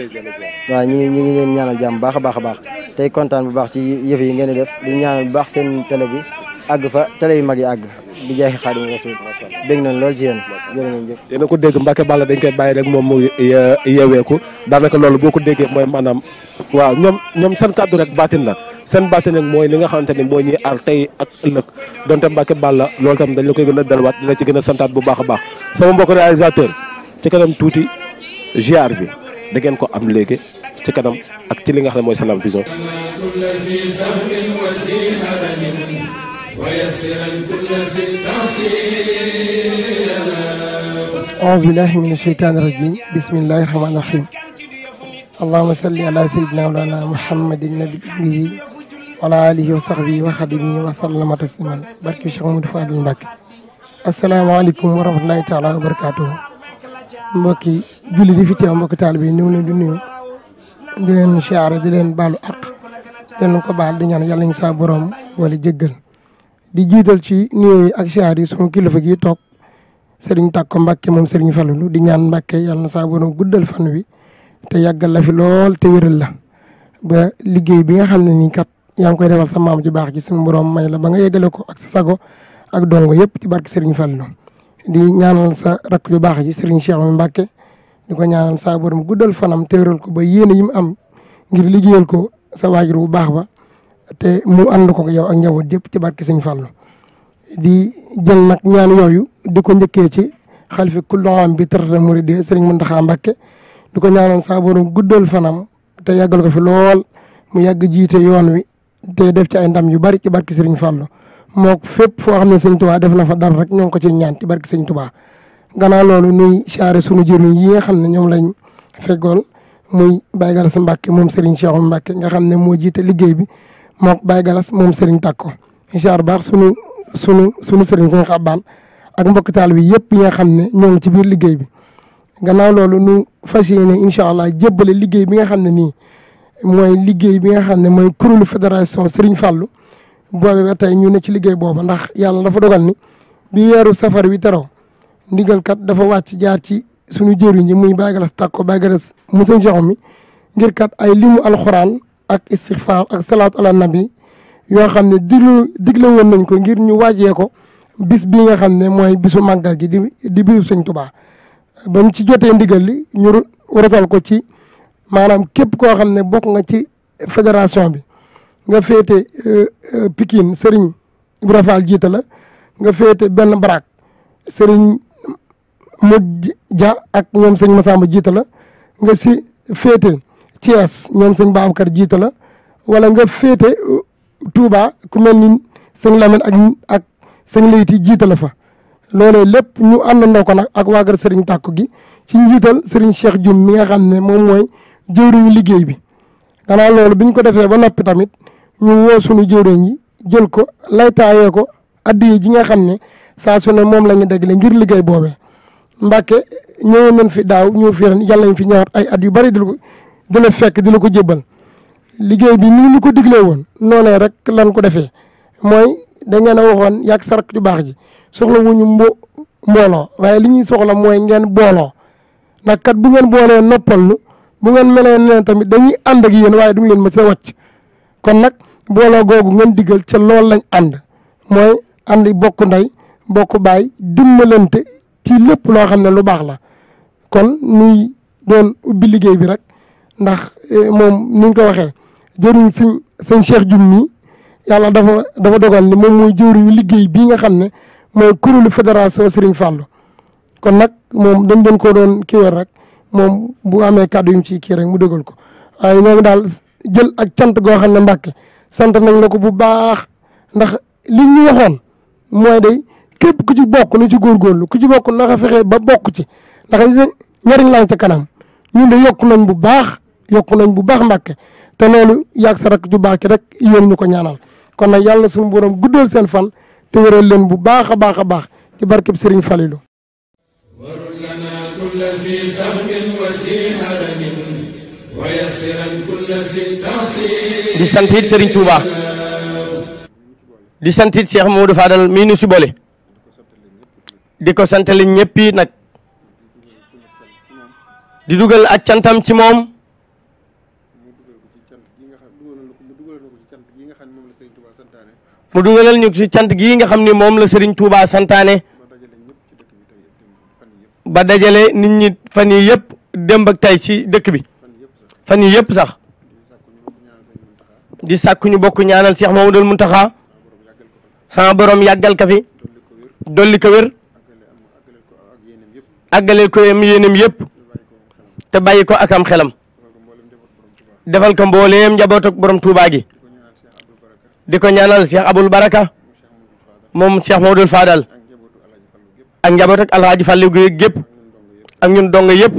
waaw ñu ngi ñu ñaanal jàmm baax a baax a baax tey kontaan bu baax ci yëf yi ngeen di def di ñaanal bu baax seen télé bi àgg fa télé yu mag yi àgg di jeexi Xaadimu Rasuul dégg nañ lool ci yéen jërë ngeen jëf yéena ko dégg Mbacke Balla dañ koy bàyyi rek moom mu yeweeku daanaka loolu boo ko déggee mooy maanaam waaw ñoom ñoom seen kàddu rek baatin la seen bàtte nag mooy li nga xamante ne mooy ñuy aar tey ak ëllëg donte Mbacke Balla lool tam dañ la koy gën a dalwaat dina ci gën a santaat bu baax a baax sama mbokk réalisateur ci kanam tuuti ziar bi da ko am léegi ci kanam ak ci li nga xam ne mooy Salam Vision أعوذ بالله من الشيطان الرجيم بسم الله الرحمن الرحيم اللهم صل على سيدنا مولانا محمد النبي wala alihi wa sahbihi wa xadimi wa sallama tasliman barke Cheikh Mamadou Fadil Mbacke asalaamaaleykum wa rahmatulahi taala wa barakaatuhu mbokki julli di fi teew mbokki taalibe yi ñu ngi leen di nuyu di leen siyaare di leen baalu àq den ko baal di ñaan yàlla ñu saa borom wala jéggal di jiital ci nuyoo ak siyaar yi sunu kilifa gi toog sëriñ Tàkko Mbacke moom sëriñ Fallu di ñaan Mbacke yàlla na saa borom wi te yàggal la fi lool te wéral liggéey bi nga xam ne nii yaa ngi koy defal sa maam ju baax ji suñu borom may la ba nga yeggale ko ak sa sago ak dongo yëpp ci barke Serigne Fallou di ñaanal sa rakk ju baax ji Serigne Cheikh Mbacke di ko ñaanal sa borom guddal fanam teeral ko ba yéene yi mu am ngir liggéeyal ko sa waajur bu baax ba te mu ànd ko yow ak njaboot yëpp ci barke Serigne Fallou di jël nag ñaan yooyu di ko njëkkee ci xalifa kullu am bi tarata muride Serigne Mountakha Mbacke di ko ñaanal sa borom guddal fanam te yàggal ko fi lool mu yàgg jiite yoon wi te def ci ay ndam yu bari ci barki Serigne Fallou mook fépp foo xam ne Serigne Touba def na fa dara rek ñoo ngi ko ci ñaan ci barki Serigne Touba gannaaw loolu nuy siyaare sunu jëriñ yi nga xam ne ñoom lañ feggool muy Baye Galas Mbacke moom Serigne Cheikh Mbacke nga xam ne moo jiite liggéey bi mook Baye Galas moom Serigne Takko siyaar baax sunu sunu sunu Serigne Sëñ ak mbokk taal bi yëpp yi nga xam ne ñoo ci biir liggéey bi gannaaw loolu nu fas yéene incha allah jébbale liggéey bi nga xam ne nii mooy liggéey bi nga xam ne mooy kuréelu fédération Serigne fallu boobe ba tey ñu ne ci liggéey booba ndax yàlla dafa dogal ni bi weeru safar wi teroo ndigalkat dafa wàcc jaar ci suñu jëriñ ñi muy Baye Galas Tàkko Baye Galas Moussa Ndiakhou mi ngir kat ay limu alxuraan ak istixfaar ak salaatu ala nabi yoo xam ne diglu digle woon nañ ko ngir ñu waajee ko bis bi nga xam ne mooy bisu màggal gi di di bisu sëñ Tubaa ba mu ci jotee ndigal li ñu rotal ko ci. maanaam képp koo xam ne bokk nga ci fédération bi nga féete euh, euh, Pikine Serigne Ibra Fall jiite la nga féete benn baraak sëriñ Modou Dia ak ñoom sëñ Massamba jiite la nga si féete Thiès ñoom sëñ Babacar jiite la wala nga féete euh, Touba ku mel ni sëñ Lamine ak ak sëñ Leyti jiite la fa. loolee lépp ñu àndandoo ko nag ak waa kër Serigne Tàkku gi ci njiital Serigne Cheikh Dioum mi nga xam ne moom mooy. jëwriñu liggéey bi gannaaw loolu ñu ko defee ba noppi tamit ñu woo suñu jëwriñ yi jël ko laytaayee ko addiye ji nga xam ne saa su ne moom la ñu dégle ngir liggéey boobee mbàkke ñëwoon nañ fi daaw ñëw fi ren yàlla ñu fi ñëwaat ay at yu bari di la ko di fekk di la ko jébbal liggéey bi ni lu ko diglee woon noonee rek lan ko defee mooy da ngeen a waxoon yàgg sarak ju baax ji soxla wuñu mbo mbooloo waaye li ñuy soxla mooy ngeen booloo ndax kat bu ngeen boolee noppal bu ngeen melee neen tamit dañuy ànd ak yéen waaye du ngeen mës a wàcc kon nag booloo googu ngeen digal ca loolu lañ ànd mooy ànd bokk ndey bokk baay dimbalante ci lépp loo xam ne lu baax la kon nuy doon ubbi liggéey bi rek ndax eh, moom ni ñu waxee jëriñ sëñ sëñ Cheikh Dioum mi yàlla dogal ni moom mooy jëriñu liggéey bii nga xam ne mooy kuréelu fédération Serigne Fallou kon nag moom dañ doon koo doon kiiwee rek moom bu amee kàddu yum ci kii rek mu dëggal ko waaye ñoom daal jël ak cant goo xam ne mbàkke sant nañ la ko bu baax ndax li ñu waxoon mooy day képp ku ci bokk na ci góorgóorlu ku ci bokk na nga fexe ba bokk ci ndax ñariñ laañ ca kanam ñun de yokk nañ bu baax yokk nañ bu baax mbàkke te loolu yàgg sa rak ju baax ki rek yéen ñu ko ñaanal kon nag yàlla suñu borom guddal seen fan te wéral leen bu baax a baax a baax ci barkeb Serigne Falilou كل ذي سهم وذي هرم ويسرا كل ذي تعسير di sant it Serigne Touba di sant it Cheikh Modou Fadal mii nu si boole di ko santale ñëpp it nag di dugal ak cantam ci moom mu dugalal ñu ci cant gii nga xam ni moom la Serigne Touba santaane ba dajale nit ñi fan yi yëpp dem ak tey ci dëkk bi fan yi yëpp sax di sàkku ñu bokk ñaanal Cheikh Mamadou Mountakha sama borom yàggal ka fi dolli ko wér àggaleel ko yéenam yëpp te bàyyi ko ak am xelam defal ko mbooleem njaboot ak borom Touba gi di ko ñaanal Cheikh Aboul Baraka moom Cheikh Mamadou Fadal ak njaboot ak alxaaji Fallou Gueye gépp ak ñun dong yëpp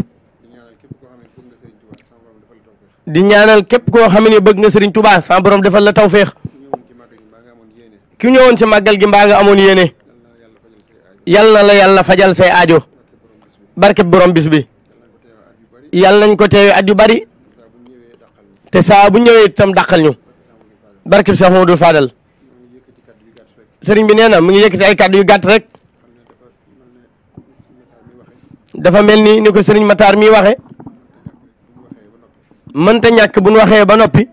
di ñaanal képp koo xam ne bëgg na sëriñ Touba sa borom defal la tawféex ki ñëwoon ci màggal gi mbaa nga amoon yéene yal na la yàlla fajal say aajo barke borom bis bi yal nañ ko teewe at yu bari te saa bu ñëwee itam dàqal ñu barke Cheikh Modou Fadal sëriñ bi nee na mu ngi yëkkati ay kàddu yu gàtt rek dafa mel nii ni ko sëriñ mataar mi waxe mënta ñàkk bu nu waxee ba noppi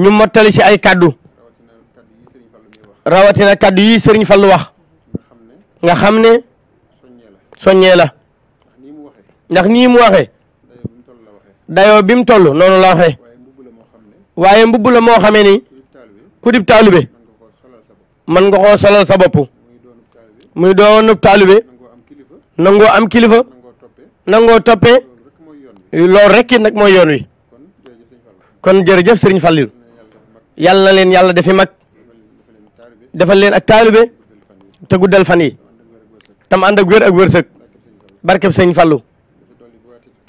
ñu mottali si ay kàddu rawatina kàddu yi sëriñ Fallu wax nga xam ne soññee la ndax nii mu waxee dayoo bi mu toll noonu la waxee waaye mbubb la moo xamee ni ku dib taalube mën nga koo solal sa bopp muy doonub taalube nangoo am kilifa nangoo toppee loolu rek nag mooy yoon wi kon jërëjëf sëriñ Fallou yàlla na leen yàlla dafi mag defal leen ak taalibe te guddal fan yi tam ànd ak wér ak wërsëg barkeb sëriñ Fallou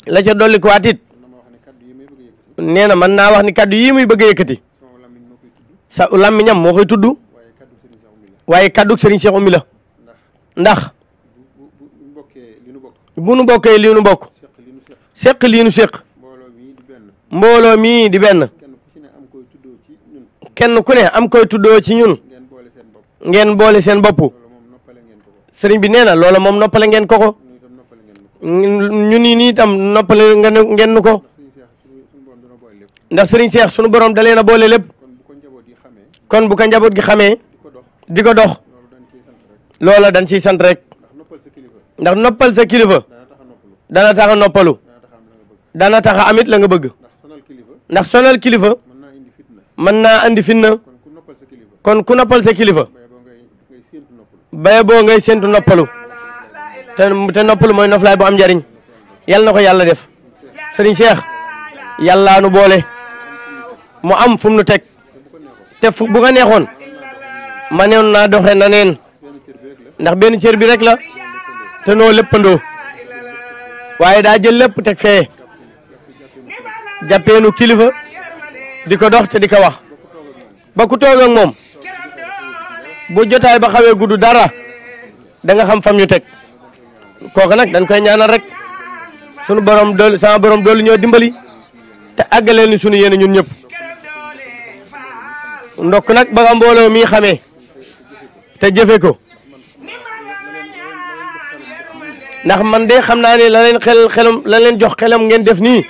la ca dolli ko waat it nee na mën naa wax ni kaddu yii muy bëgg a yëkkati sa làmmiñam moo koy tudd waaye kaddu sëriñ Cheikh Oumy la ndax bu nu bokkee lii nu bokk seq lii nu seq mbooloo mii di benn kenn ku ne am koy tuddoo ci ñun ngeen boole seen bopp sëriñ bi nee na loola moom noppale ngeen ko ko ñu nii nii tam noppale ngeen nu ko ndax sëriñ Seex sunu borom da leen a boole lépp kon bu ko njaboot gi xamee di ko dox loola dañ ciy sant rek ndax noppal sa kilifa dana tax a noppalu dana tax a amit la nga bëgg ndax sonal kilifa man naa andi fitna kon ku noppal sa kilifa bay boo ngay séntu noppalu te noppalu mooy noflaay bu am njariñ yal na ko yàlla def sëriñ Cheikh na nu boole mu am fu mu nu teg te fu neexoon ma neewoon doxe na neen ndax benn cër bi rek la te noo léppandoo waaye daa jël lépp teg fee jàppeenu kilifa di ko dox te di ko wax ba ku toog moom bu jotaay ba xawee gudd dara danga xam fam ñu teg kooku nag dañ koy ñaanal rek sunu borom dool sama borom doolu ñoo dimbali te àggalee ni sunu yéene ñun ñëpp ndokk nag ba nga mbooloo mii xamee te jëfe ko ndax man de xam naa ne la leen xel xelam la leen jox xelam ngeen def nii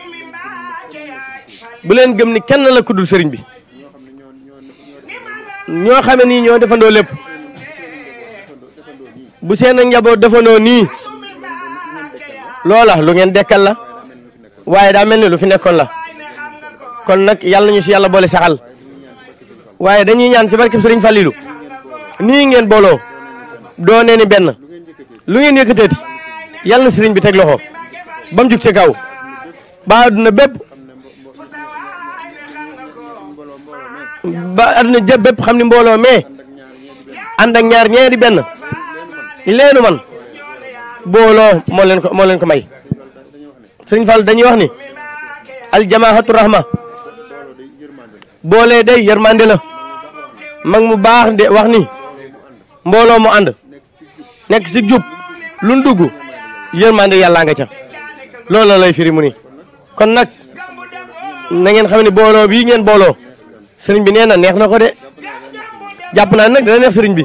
bu leen gëm ni kenn la kuddul sëriñ bi ñoo xame nii ñoo defandoo lépp bu seen a njaboot defandoo nii loola lu ngeen dekkal la waaye daa mel ni lu fi nekkoon la kon nag yàlla ñu si yàlla boole saxal waaye dañuy ñaan si barkeb sëriñ Fallilou nii ngeen booloo doonee ni benn lu ngeen yëkkateeti yàlla na sëriñ bi teg loxo ba mu jug ca kaw ba àdduna bépp ba àdduna bépp xam ni mbooloo mais ànd ak ñaar ñeeri benn leenu man booloo moo leen ko moo leen may sëriñ Fall dañuy wax ni aljamaahatu rahma boolee day yërmande la mag mu baax de wax ni mbooloo mu ànd nekk si jub lu dugg yërmande yàllaa nga ca loolu lay firi mu ni kon nag na ngeen xam ne booloo bii ngeen booloo sëriñ bi nee na neex na ko de jàpp naa nag dina neex sëriñ bi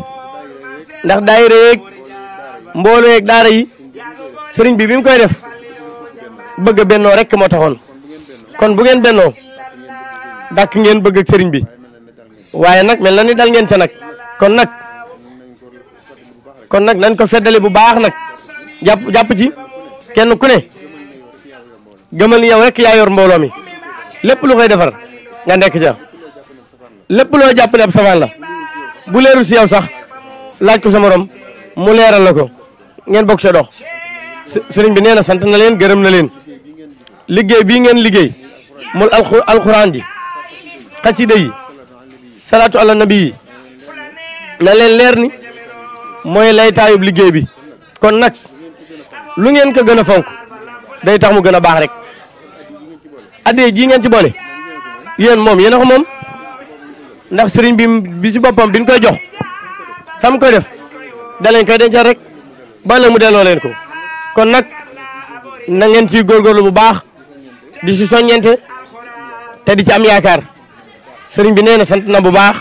ndax daayira yeeg mbooloo yeeg daara yi sëriñ bi bi koy def bëgg a bennoo rek moo taxoon kon bu ngeen bennoo dàkk ngeen bëgg ak bi waaye nag mel na ni dal ngeen ca nag kon nag kon nag nañ ko seddale bu baax nag jàpp jàpp ci kenn ku ne gëmal ni yow rek mbooloo mi lépp lu koy defar nga nekk ca lépp loo jàpp ne ab safaan la bu leerul si yow sax laaj ko sa morom mu leeral la ko ngeen bokk sa dox sëriñ bi nee na sant na leen gërëm na leen liggéey bi ngeen liggéey mul alquran ji xasida yi salaatu ala nabi yi na leen leer ni mooy laytaayub liggéey bi kon nag lu ngeen ko gën a fonk day tax mu gën a baax rek addee jii ngeen ci boole yéen moom yéen a ko moom ndax sëriñ bi bi ci boppam bi koy jox sam koy def da leen koy dencal rek ba mu delloo leen ko kon nag na ngeen ciy góorgóorlu bu baax di si soññente te di ci am yaakaar sëriñ bi nee na sant na bu baax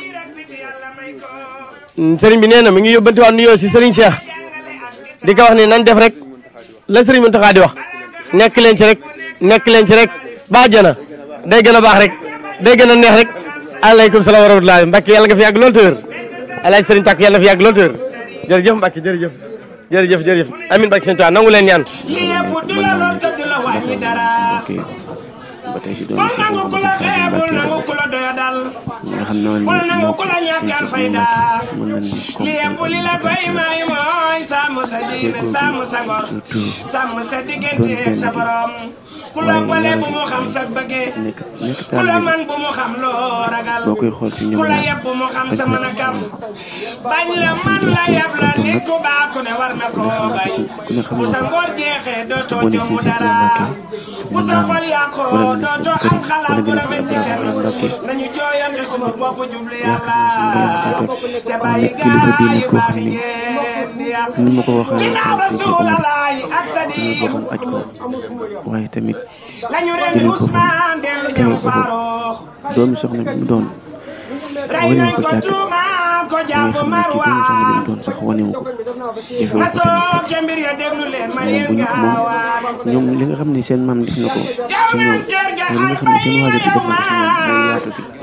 sëriñ bi nee na mi ngi yóbbanti waat nuyoo si sëriñ Cheikh di ko wax ni nañ def rek la Serigne Mountakha di wax nekk leen ci rek nekk leen ci rek jana day gën a baax rek day gën a neex rek alekum salaam wa rahmatulah Mbacke yàlla nga fi yàgg lool tëwër Alaaji Serigne Tàkk fi yàgg lool tëwër jërëjëf Mbacke jërëjëf jërëjëf jërëjëf amin Mbacke sëñ Tuubaa nangu leen ñaan ba tey si doon si li yebbu li la koy may mooy sàmm sa diine sàmm sa ngor sàmm sa diggante ak sa borom ku la wale bu mu xam sag bëggee ku la man bu mu xam loo ragal ku la yab bu mu xam sa mën a kaf bañ la man la yab la nit ku ku ne war na bañ bu sa ngor jeexee dootoo jëmu dara bu sa xol yàqoo dootoo am xalaat bu rafet ci kenn nañu jooyante sunu bopp jublu yàlla te bàyyi gaa yu baax yi ni ma ko wax ci boppam aj ko waaye tamit jëlee ko fa teewul ko fa doomi soxna mu doon ko càkk waaye xam ne ci doomi soxna bi ñoom li nga xam ne seen maam def na ko ci ñoom waaye li nga xam ne seen waajur ci def na ko ci ñoom mooy yaatu bi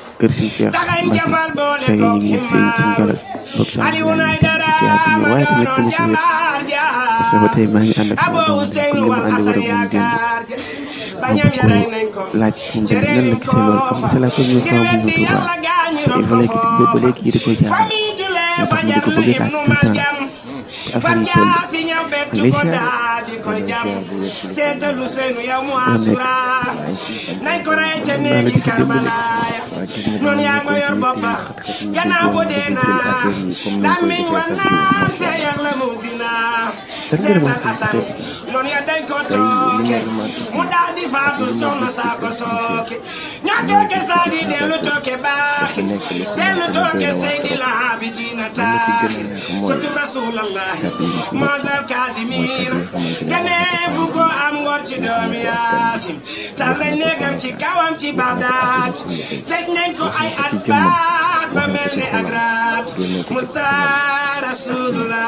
kër si Cheikh Mbacke da ngay ñëw fii ci Ndiol boog saa yi daal di nekk ci àdduna bi waaye tamit ku mu ci wér parce que ba tey maa ngi ànd ak sama doom comme ni ma ànd war a moom démb ma bëgg ko laaj moom tamit nan la gisee loolu comme c'est la première fois bu ñu Touba il fallait que ba léegi yi di ko jaar moo tax ma di ko bëgg laaj tout le temps te affaire yi toll lay siyaare. seetalu seenu yow mu asura nañ ko rey ca néegi Karbala nun yaa ma yor bopp ba gannaaw bu dee wa naan seeyax la muusi naa seetal asan noonu ya dañ tooke mu daal di faatu sooke ña tooke dellu tooke baaxi dellu tooke seydi lahaabi diina taaxi sotu rasulallahi maazal kaazimiir ganeefu am ngor doomi yaasim tar nañ néegam ci kawam ci bagdaat tëj nañ ko ay at baat ba mel ne ak raat musa rasulullah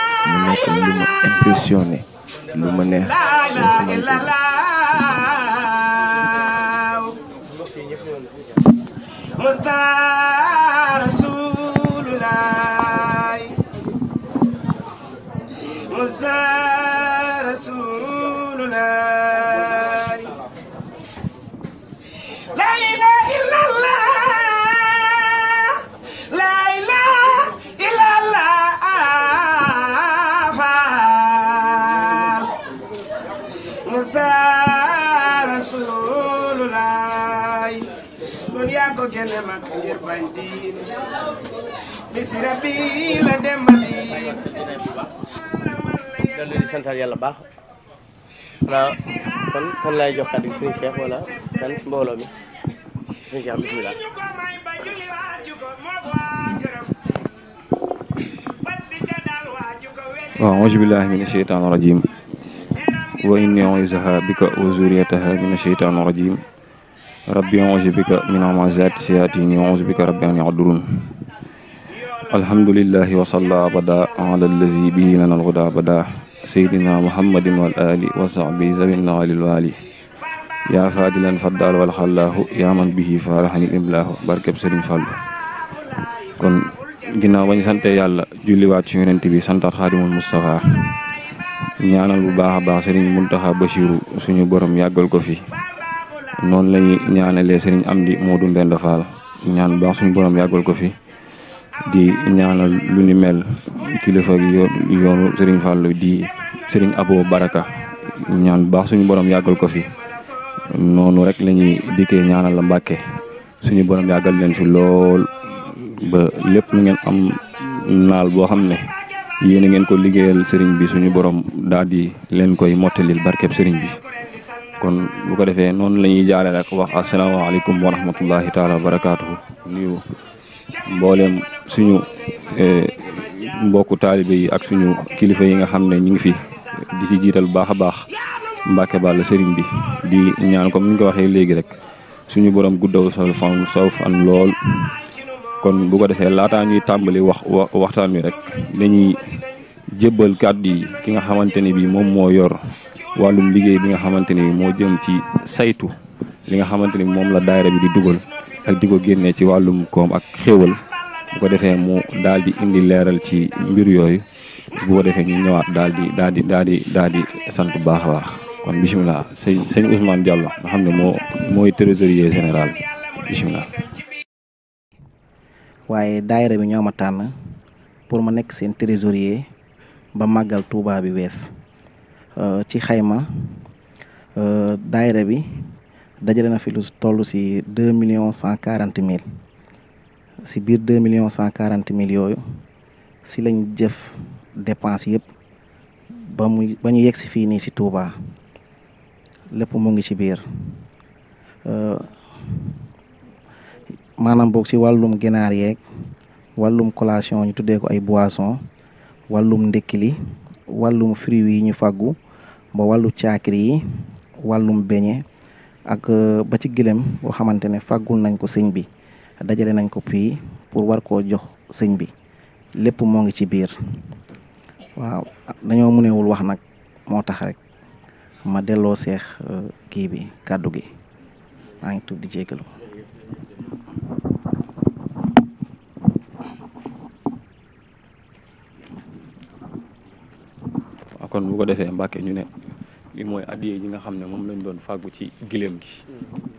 mu lu ma impressionné lu ma neex rabbi la dembati dellu di santaat yàlla baax naa kon kon lay jox kàddu gi suñu cheikh wala kan mbooloo mi suñu cheikh bismillah waaw auzu billahi min asheytaan rajim wa inni uizuha bika wa zuriyataha min asheytaan rajim rabbi auzu bika min hamazati shayatin auzu bika rabbi an yahdurun alhamdulillahi wasalla abada ala allazi bihi lana alhuda abada sayyidina muhammadin wal ali wa sahbi zawin ya wali yaa faadilan faddal wal xallaahu yaa man bihi faaraxanil imlaahu barkeb sëriñ Fallu kon ginnaaw bañ sante yàlla julliwaat ci yonent bi santaat xaadimul Mustafa ñaanal bu baax a baax sëriñ Muntaxa Bachiru suñu borom yàggal ko fi noonu lañu ñaanalee sëriñ Amdi Moodu Mbend Faal ñaan baax suñu borom yàggal ko fi di ñaanal lu ni mel kilifa gi yoonu Serigne Fallou di sëriñ Abo Baraka ñaan baax suñu borom yàggal ko fi noonu rek lañuy ñuy dikkee ñaanal la Mbàkke suñu borom yàggal leen fi lool ba lépp lu ngeen am naal boo xam ne yéen a ngeen ko liggéeyal Serigne bi suñu borom daal di leen koy mottalil barkeb sëriñ bi kon bu ko defee noonu la ñuy jaale rek wax asalaamaaleykum wa rahmatullahi taala wa barakaatuhu mbooleem suñu eh, mbokku taalibe yi ak suñu kilifa yi nga xam ne ñu ngi fi di ci jiital baax a baax Mbàkke Bàll sëriñ bi di ñaan comme ni ko waxee léegi rek suñu borom guddaw saw fan saw fan lool. kon bu ko defee laataa ñuy tàmbali wax waxtaan wi rek dañuy jëbal kàddu yi ki nga xamante ni bii moom moo yor wàllum liggéey bi nga xamante ni moo jëm ci saytu li nga xamante ni moom la daayira bi di dugal. ak di ko génnee ci wàllum koom ak xéewal bu ko defee mu daal di indi leeral ci mbir yooyu boo ko defee ñu ñëwaat daal di daal di daal di daal di sant baax baax kon bisimilah sëñ sëñ Ousmane Diallo nga xam ne moo mooy trésorier général bisimilah. waaye daayira bi ñoo ma tànn pour ma nekk seen trésorier ba màggal Touba bi wees euh, ci xayma euh, daayira bi. dajale na fi lu toll si deux millions cent quarante mille si biir deux millions cent quarante mille yooyu si lañ jëf dépense yëpp ba mu bañu yegg si fii nii si Touba lépp mu ngi ci biir euh, maanaam boog si wàllum ginaar yeeg wàllum collation ñu tuddee ko ay boison wàllum ndékkili wàllum fruits yi ñu fàggu ba wàllu caakiri yi wàllum beñe ak euh, ba ci gilem boo xamante ne fàggul nañ ko sëñ bi dajale nañ ko fii pour war koo jox sëñ bi lépp moo ngi ci biir waaw dañoo mënewul wax nag moo tax rek ma delloo seex euh, kii bi kàddu gi maa ngi tudd di jégalu kon bu ko defee Mbàkke ñu ne bi mooy addiye yi nga xam ne moom lañ doon fàggu ci giléem gi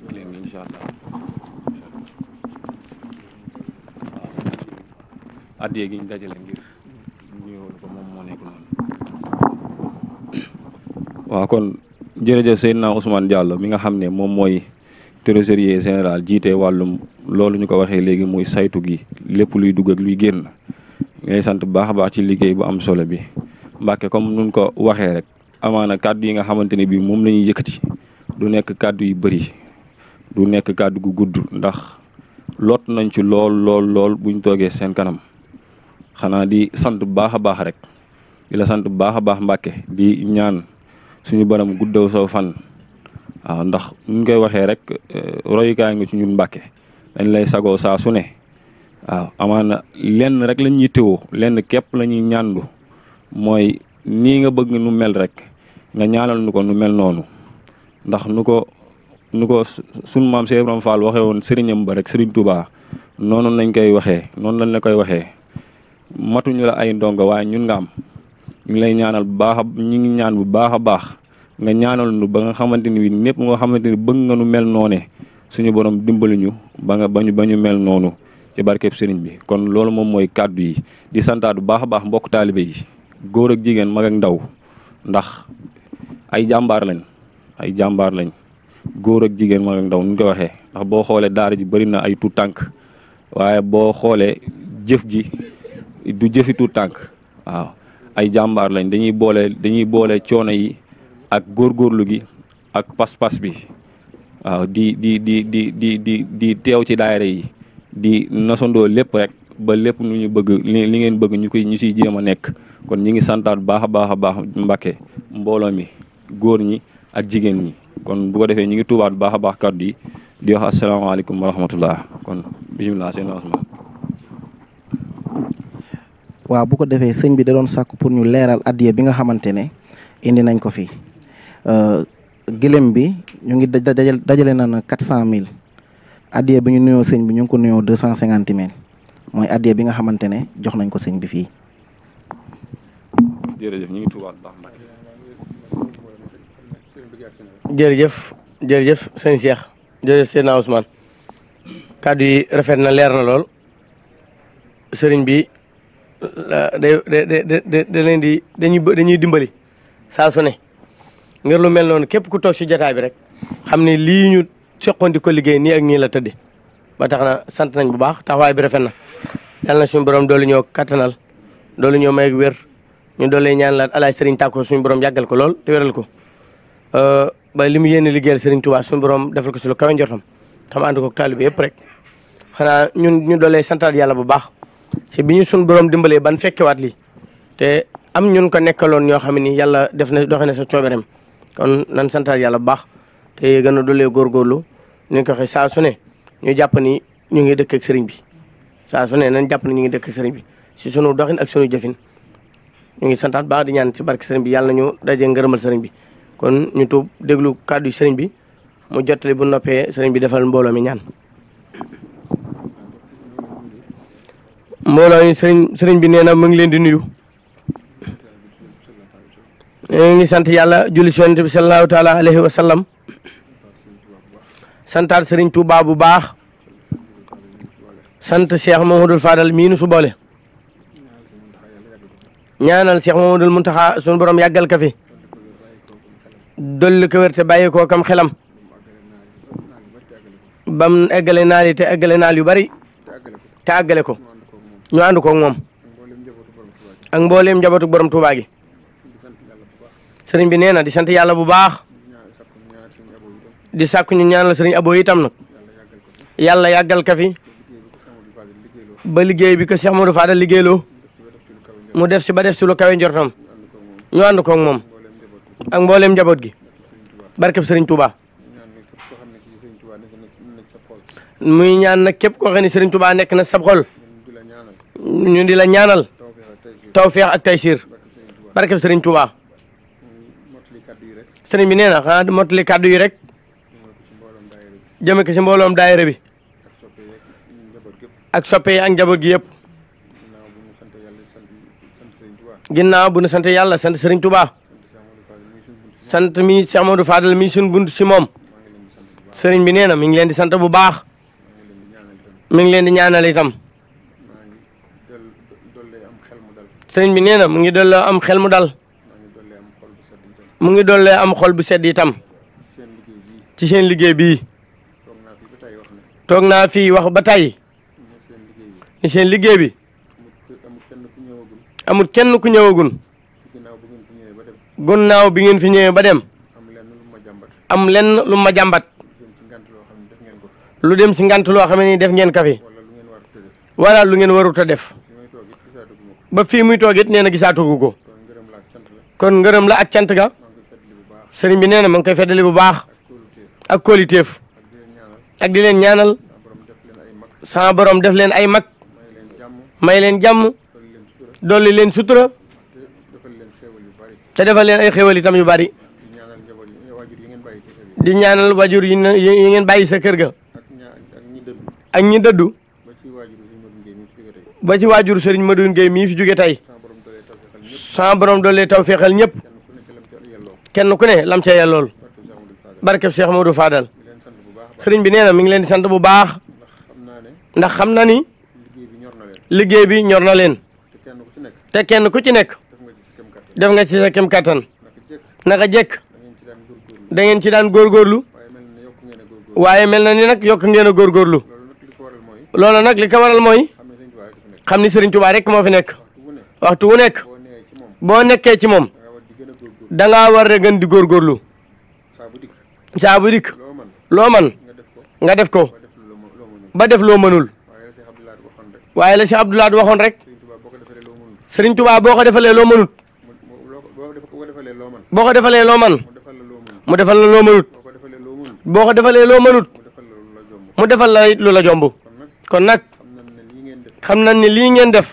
giléem gi incha allah waaw ngir ñëwul ko moom moo nekk noonu waaw kon jërëjëf Seydina Ousmane Diallo mi nga xam ne moom mooy trésorier général jiite wàllum loolu ñu ko waxee léegi muy saytu gi lépp luy dugg luy génn ngay sant bu baax a baax ci liggéey bu am solo bi Mbàkke comme nun ko waxee rek amaana kàddu yi nga xamante ne bii moom la ñuy yëkkati du nekk kàddu yu bëri du nekk kàddu gu gudd ndax lot nañ ci lool lool lool buñ toogee seen kanam xanaa di sant bu baax a baax rek di sant bu baax a baax Mbàkke di ñaan suñu baram guddaw saw fan waaw ndax nuñ koy waxee rek roy eh, royukaay nga ci ñun Mbàkke dañ lay sagoo saa su ne waaw amaana lenn rek lañuy yittewoo lenn képp la ñuy ñaandu mooy nii nga bëgg nu mel rek nga ñaanal nu ko nu mel noonu ndax nu ko nu ko sunu maam Cheikh Ibrahima Fall waxee woon sëriñam ba rek sëriñ Touba noonu lañ koy waxee noonu lañ la koy waxee matuñu la ay ndongo waaye ñun nga am ñu lay ñaanal bu baax ñu ngi ñaan bu baax a baax nga ñaanal nu ba nga xamante ni ñëpp nga xamante ni bëgg nga nu mel noone suñu borom dimbali ñu ba nga ba bañu mel noonu ci barkeb sëriñ bi kon loolu moom mooy kàddu yi di santaat bu baax a baax mbokk taalibe yi góor ak jigéen mag ak ndaw ay jàmbaar lañ ay jàmbaar lañ góor ak jigéen mag ak ndaw nuñ ko waxee boo xoolee daara ji bëri na ay tuut tànk waaye boo xoolee jëf ji du jëfi tuut tànk waaw ay jàmbaar lañ dañuy boole dañuy boole coono yi ak góor góorlu gi ak pas-pas bi waaw di di di di di di di teew ci daayira yi di nasandoo lépp rek ba lépp lu ñu bëgg li ngeen bëgg ñu koy ñu siy jéem a nekk kon ñi ngi santaat baax a baax a baax Mbàkke mbooloo mi góor ñi ak jigéen ñi kon bu defee ñu ngi tuubaat bu baax a baax kàddu yi di wax asalaamaaleykum wa rahmatullah kon bisimilah seen Ousmane waaw bu ko defee sëñ bi da doon sàkk pour ñu leeral addiya bi nga xamante ne indi nañ ko fi euh, gëlëm bi ñu ngi dajale dajale na na quatre cent mille addiya bi ñu nuyoo sëñ bi ñu ko nuyoo deux cent cinquante mooy addiya bi nga xamante ne jox nañ ko sëñ bi fii. jërëjëf ñu ngi tuubaat jërëjëf jërëjëf sëñ Cheikh jërëjëf sëñ Ousmane kàddu yi rafet na leer na lool sëriñ bi day day da leen di dañuy dañuy dimbali saa su ne ngir lu mel noonu képp ku toog ci jataay bi rek xam ne lii ñu seqoon ko liggéey nii ak nii la tëdde ba tax na sant nañ bu baax taxawaay bi rafet na yàlla na suñu borom doolu ñoo kattanal doolu ñoo may ak wér ñu doole ñaan la alaaj sëriñ tàkko suñu borom yàggal ko lool te wéral ko Euh, ba li mu yéene liggéeyal Sëriñ Tuubaa suñu borom defal ko si lu kawe njortam tam ànd ko taalibe yëpp rek xanaa ñun ñu doolee santaat yàlla bu baax si bi ñu suñu borom dimbalee ban waat li te am ñun ko nekkaloon ñoo xam ne ni yàlla def na doxe na sa coobereem kon nan santaat yàlla bu baax te gën a doolee góorgóorlu ni ko waxee saa su ñu jàpp ni ñu ngi dëkk ak sëriñ bi saa nañ jàpp ni ñu ngi dëkk sëriñ bi si sunu doxin ak sunu jëfin ñu ngi santaat baax di ñaan ci barke sëriñ bi yàlla ñu daje ngërëmal bi kon ñu tuub déglu kàddu yi sëriñ bi mu jottali bu noppee sëriñ bi defal mbooloo mi ñaan mbooloo mi sëriñ sëriñ bi nee na mu ngi leen di nuyu ñu ngi sant yàlla julli si yonent bi sallallahu taala alayhi wa Tuubaa bu baax sant Cheikh Mamadou Fadal miin su boole ñaanal Cheikh Mamadou Muntaxa sunu borom yàggal ka dolli ko wér te bàyyi kam xelam bam eggale naal te eggale naal yu bari te àggale ko ñu ànd koog moom ak mbooleem njabootu borom Tuubaa gi bi nee na di sant yàlla bu baax di sàkku ñu ñaan la sëriñ abo itam nag yàlla yàggal ka ba liggéey bi ko Cheikh Modou Fadal liggéeyloo mu def si ba def si lu kawe njortam ñu ànd koog moom ak mbooleem njaboot gi barkeb sëriñ Touba muy ñaan nag képp koo xam ne sëriñ nekk na sab xol ñu di la ñaanal tawfeex ak taysiir barkeb sëriñ Touba sëriñ bi nee na xanaa mottali kàddu yi rek jëme ko ci mbooloom daayira bi ak soppe ak njaboot gi yëpp ginnaaw bu nu sant yàlla sant sëriñ Touba sant mi si Amadou Fadal mi sunu bunt si moom sëriñ bi nee na mi ngi leen di sant bu baax mi ngi leen di ñaanal itam sëriñ bi nee na mu ngi dolla am xel mu dal mu ngi dollee am xol bu sedd itam ci seen liggéey bii toog naa fi wax ba tey ni seen liggéey bi amul kenn ku ñëwagul gannaaw bi ngeen fi ñëwee ba dem am lenn lu ma jàmbat lu dem si ngant loo xam ne def ngeen ka fi wala lu ngeen warut a def ba fii muy toog it nee na gisaatugu ko kon ngërëm la ak cant ga sëriñ bi nee na ma ngi koy feddali bu baax ak kóoliteef ak di leen ñaanal sama borom def leen ay mag may leen jàmm dolli leen sutura te defal leen ay xéwal itam yu bari di ñaanal wajur yi na yi ngeen bàyyi sa kër ga ak ñi dëddu ba ci waajur Serigne Madoune Gueye mii fi jóge tey sa borom doole taw feexal ñëpp kenn ku ne lam ca yellool barkeb Cheikh Modou Fadal sëriñ bi nee na mi ngi leen di sant bu baax ndax xam na ni liggéey bi ñor na leen te kenn ku ci nekk def nga ci sa kem kattan naka jekk da ngeen ci daan góorgóorlu waaye mel na ni nag yokk ngeen a góorgóorlu loolu nag li ko waral mooy xam ni Serigne Touba rek moo fi nekk waxtu wu nekk boo nekkee ci moom da ngaa war a gën di góorgóorlu saa bu dikk loo man nga def ko ba def loo mënul waaye la si Abdoulaye waxoon rek Serigne Touba boo ko defalee loo boo ko defalee loo man mu defal la boo ko defalee loo mu defal la it jomb kon nag xam nañ ne lii ngeen def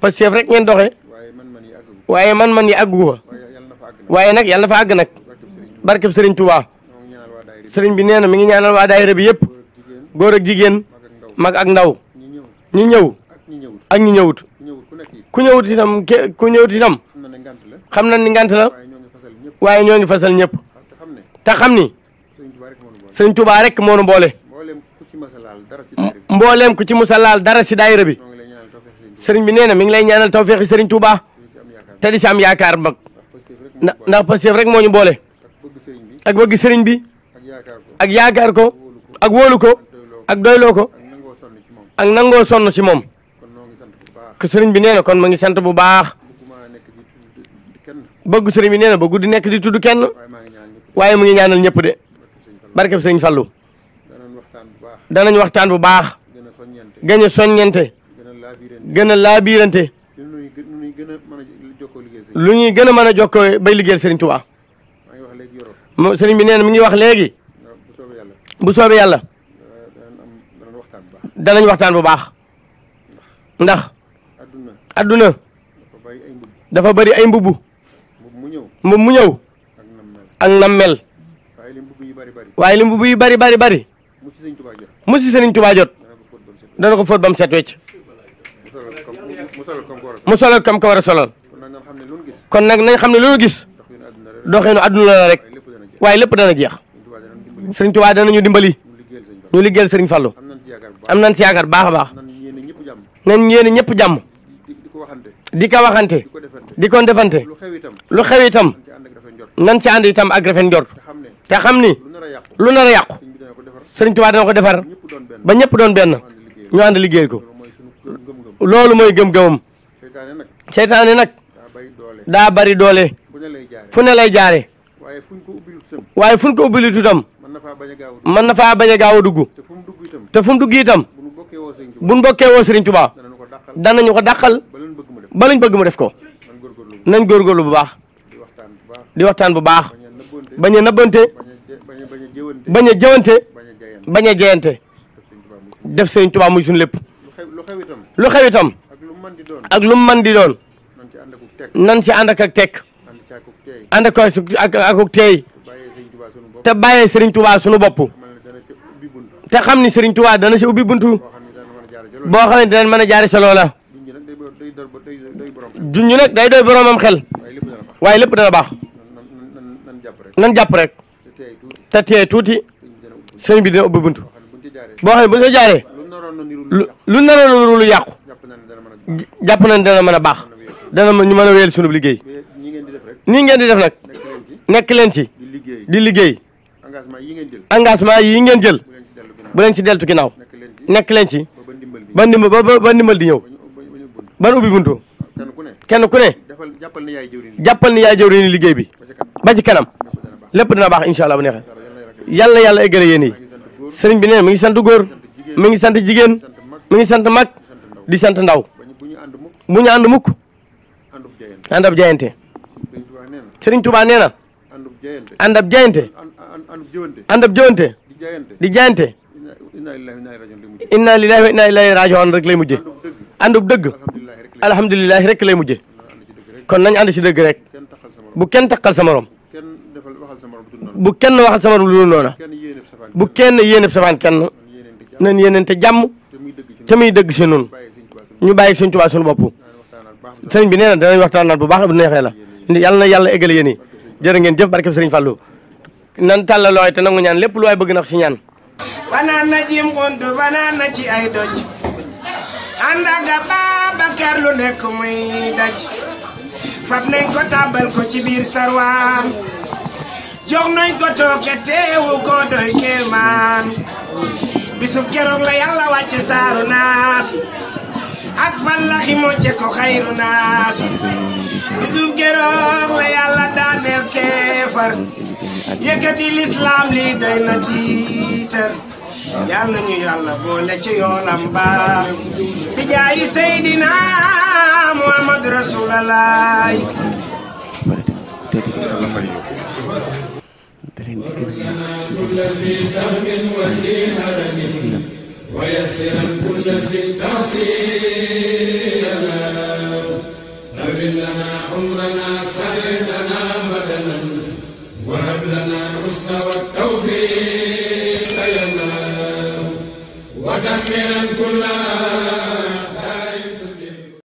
parce que ngeen doxee waaye man-man yi àggu ko waaye nag yàlla na fa àgg nag barkeb sëriñ Tuubaa sëriñ bi nee mi ngi ñaanal waa daayira bi yëpp góor jigéen mag ak ndaw ñi ñëw ak ñi ñëwut ku ñëwut itam ku ñëwut itam xam nañ ni ngant la waaye ñoo ngi fasal ñëpp te xam ni sëñ Tuubaa rek moo nu boole mbooleem ku ci musa laal dara si daayira bi sëriñ bi nee na mi ngi lay ñaanal tawféexi sëriñ Tuubaa te di si am yaakaar mag ndax Pastef rek moo ñu boole ak bëgg sëriñ bi ak yaakaar ko ak wóolu ko ak doyloo ko ak nangoo sonn si moom sëriñ bi nee kon ma ngi sant bu baax. bëgg sëriñ bi nee na ba guddi nekk di tudd kenn waaye mu ngi ñaanal ñëpp de barkeb sëriñ Fallu danañ waxtaan bu baax gën a soññente gën a laabiirante lu ñuy gën a mën a jokkoo bay liggéeyal sëriñ Tuubaa sëriñ bi nee na mi ngi wax léegi bu soobee yàlla danañ waxtaan bu baax ndax adduna dafa bari ay mbubu moom mu ñëw ak nam mel waaye li mbubb yu bari bari bari mu si sëriñ Tuubaa jot dana ko fóot ba mu set wecc mu solal kam ko war a solal kon nag nañ xam ne loolu gis doxeenu àdduna la rek waaye lépp dana jeex sëriñ Tuubaa danañu dimbali ñu liggéeyal sëriñ Fallu am nañ ci yaakaar baax a baax nañ yéene ñëpp jàmm di ko waxante di ko defante lu xew itam nan ci ànd itam ak rafet njort te xam ni lu nar a yàqu sëriñ Tuubaa dana ko defar ba ñëpp doon benn ñu ànd liggéey ko loolu mooy gëm-gëmam seytaane nag daa bari doole fu ne lay jaare waaye fu ñu ko ubbi lu itam mën na faa bañ a a dugg te fu mu dugg itam bu ñu bokkee woo sëriñ Tuubaa danañu ko dàqal ba lañ bëgg mu def ko nañ góorgóorlu bu baax di waxtaan bu baax bañ a nëbbante bañ a jëwante bañ a jeyante def sëñ Tuubaa muy suñu lépp lu xew itam ak lu mën di doon nan ci ànd ak ak tekk ànd ak ak ak teey te bàyyee Serigne Touba sunu bopp te xam ni Serigne Touba dana si ubbi buntu boo xam ne dinañ mën a jaari sa loola junj nag day doy boromam xel waaye lépp dana baax nan jàpp rek te teey tuuti sëñ bi dina ubbi buntu boo xam ne bu ñu ko jaaree lu naroon niru lu yàqu jàpp na nañ dana mën a baax dana ñu mën a wéyal sunub liggéey nii ngeen di def nag nekk leen ci di liggéey engagement yi ngeen jël bu leen ci deltu ginnaaw nekk leen ci ba ndimbal ba ndimbal di ñëw ban ubbi buntu kenn ku ne jàppal ni yaay jëwriñ liggéey bi ba ci kanam lépp dina baax incha allah bu neexee yàlla yàlla eggale yéen seriñ sëriñ bi ne mi ngi sant góor mi ngi sant jigéen mi ngi sant mag di sant ndaw bu ñu ànd mukk ànd ab jaayante sëriñ Tuubaa nee na ànd ab jaayante ànd ab jëwante di jaayante inna lillahi wa inna ilayhi rajiun rek lay mujje àndub dëgg alhamdulilah rek lay mujje kon nañ ànd si dëgg rek bu kenn taqal sa morom bu kenn waxal sa morom lu dul noona bu kenn yéeneb safaan kenn nañ yéenente jàmm te muy dëgg si noonu ñu bàyyi suñ tubaa suñu bopp sëriñ bi nee na danañ waxtaanaat bu baax bu neexee la yàlla na yàlla égale yéen yi jërë ngeen jëf barkeb sëriñ Fallou nan tàlla looy te nangu ñaan lépp lu waay bëgg nax si ñaan fanaan na jiim xontu fanaan na ci ay doj ànd ak Babacar lu nekk muy daj fab nañ ko ko ci biir sarwaan jox nañ ko tooke teewu ko doy kéemaan bisub keroog la yàlla wàcce saaru naas ak fallaxi mocce ko xayru naas bisub keroog la yàlla daaneel keefar yëkkati lislaam li doy na yàlla ñu yàlla boole ci yoonam baa bi jaayi Seydina Muhammad Rasulullah وهب لنا الرشد والتوفيق من كل